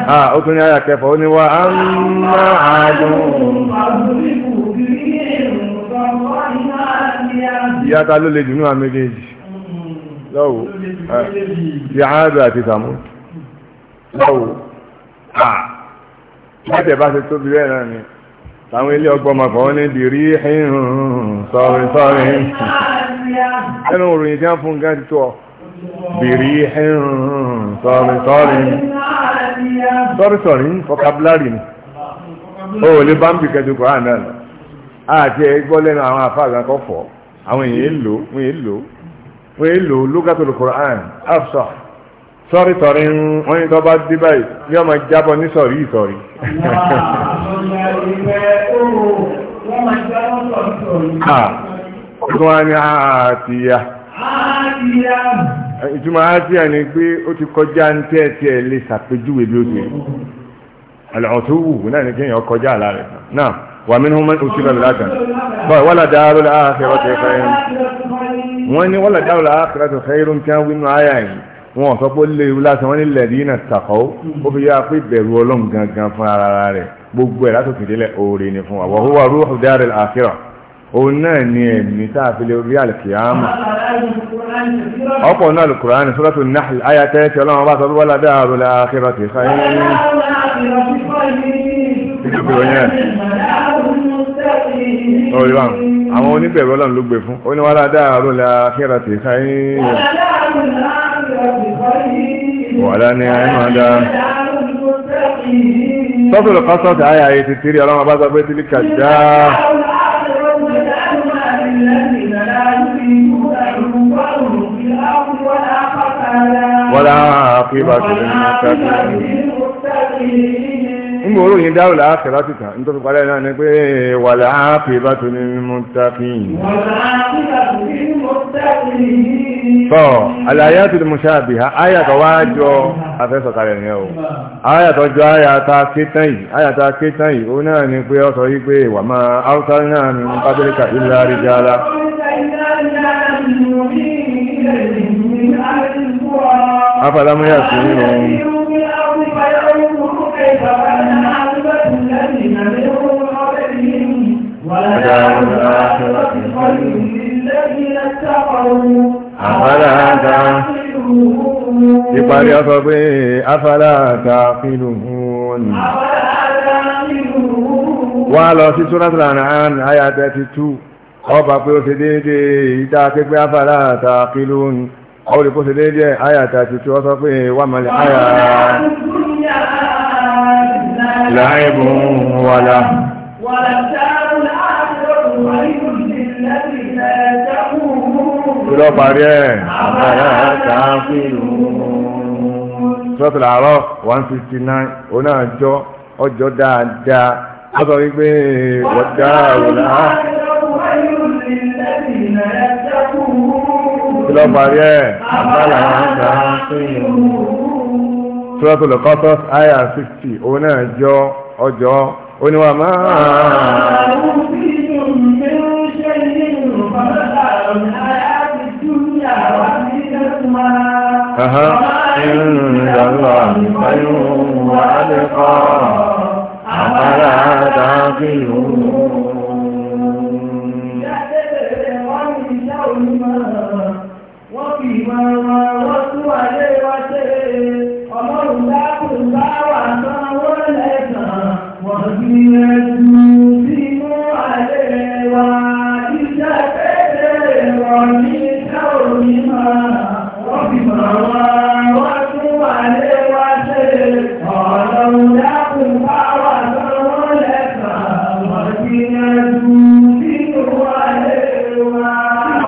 آه أتني على كيف وأما عاد ìyá ta ló lè jù náà méjèèjì lọ́wọ́ ti àádọ́ àti ìsàmú lọ́wọ́ àà láti ẹ̀bá ṣe tóbi rẹ̀ náà ni àwọn ilé ọgbọ́n ma ní bí rí ẹ̀hìn sọ́rin sọ́rin ẹnu òròyìn lè bá ń bí kẹjọkọ̀ àná àti ẹgbọ́ lẹ́nu àwọn àfáàgà kọ́ fọ́ àwọn èèyàn èlò wọ́n èlò wọ́n èlò lókàtòlù Kùránì afsah sọ́rí sọ́rí ń wọ́n ní tó bá dé báyìí yóò máa jábọ̀ ní sọ̀rí ìsọ̀rí. Ah, ìgbọ́n wa ni àtìyà. ìtumọ̀ àtìyà ni pé ó ti kọjá ní tẹ́ẹ̀tẹ́ẹ̀ lè ṣàpèjúwe bí ó ti rí. àlọ́ọ̀tún náà ni kéèyàn kọjá àlá rẹ̀ náà wà mí ní wọ́n ti lọ lákàn. bọ́ọ̀ wọ́n là dáhùn láàfin ọ̀tẹ̀ fẹ́ wọ́n ní wọ́n là dáhùn láàfin ọ̀tẹ̀ fẹ́ wọn sọ pé léwu lásán wọn ní lẹ́dínà tàkọ́ ó fi yára pé bẹ̀rù ọlọ́run gangan fún ara rẹ̀ gbogbo ẹ̀ látòkè délẹ̀ oore ni fún wa wọ́n wá rúhù dáril òun náà ni ẹ̀mí tá a fi lè rí àlùkìyàmà ọ̀pọ̀ náà lùkùránì suratu Nahl àyà tẹ́tí ọlọ́run bá sọ pé wọ́n ládà àrùn àkírọ̀ tì sáyé àwọn oníbẹ̀rù ọlọ́run ló gbé fún ó ní wọ́n ládà àrùn àkírọ̀ tì sáyé wàlá ní àìmọ̀ dáa sọ́tòlù kọ́sọ́tì àyà yìí ti tìrí ọlọ́mọ bá sọ pé tí líka já wọ́lá àkíbà tó lè mọ́ nígbà olóyìn dárò láàfẹ́ láti tàn ní tó parẹ́ náà ni pé wàlá àkíbà tó lè mọ́ káàkiri tọ́ àlàyàtò lè mọ̀ṣá àbí ayàtọ̀ wá jọ afẹ́sọ̀kalẹ̀ ní ọ̀ ayàtọ̀ jọ ayàtà kétàn yìí ayàtà kétàn yìí ó náà ni pé ọ̀sọ̀ yí pé wà máa áwùsá náà ní pátákà ilẹ̀ àríjára afàlámúyà sí Wàlá àwọn ará ṣe wà ní ọdún ìlẹ́gbẹ̀ẹ́ àfàlàtà ìparí ọsọ pé àfàlàtà fílù Wa lọ si túnátìlà an Aya 32 ọba pé ó ṣe déédéé ìta pípẹ́ àfàlàtà fílù hún ọ̀rẹ́ kó ṣe déédéé Aya 32 ọsọ pé wà mọ̀lẹ̀ laibun wala pé lọ́ọ́ parí ẹ̀. sọ́ọ̀tù làárọ̀ one fifty nine oní àjọ ọjọ́ dáadáa wọ́n sọ wípé wọ́n dá òun á. kí lọ́ọ́ parí ẹ̀. sọ́ọ̀tù lọ́kọ́tọ́ àyà sixty oní àjọ ọjọ́ oníwàmọ́. عند الله خير وأبقى أفلا تعقلون وفيما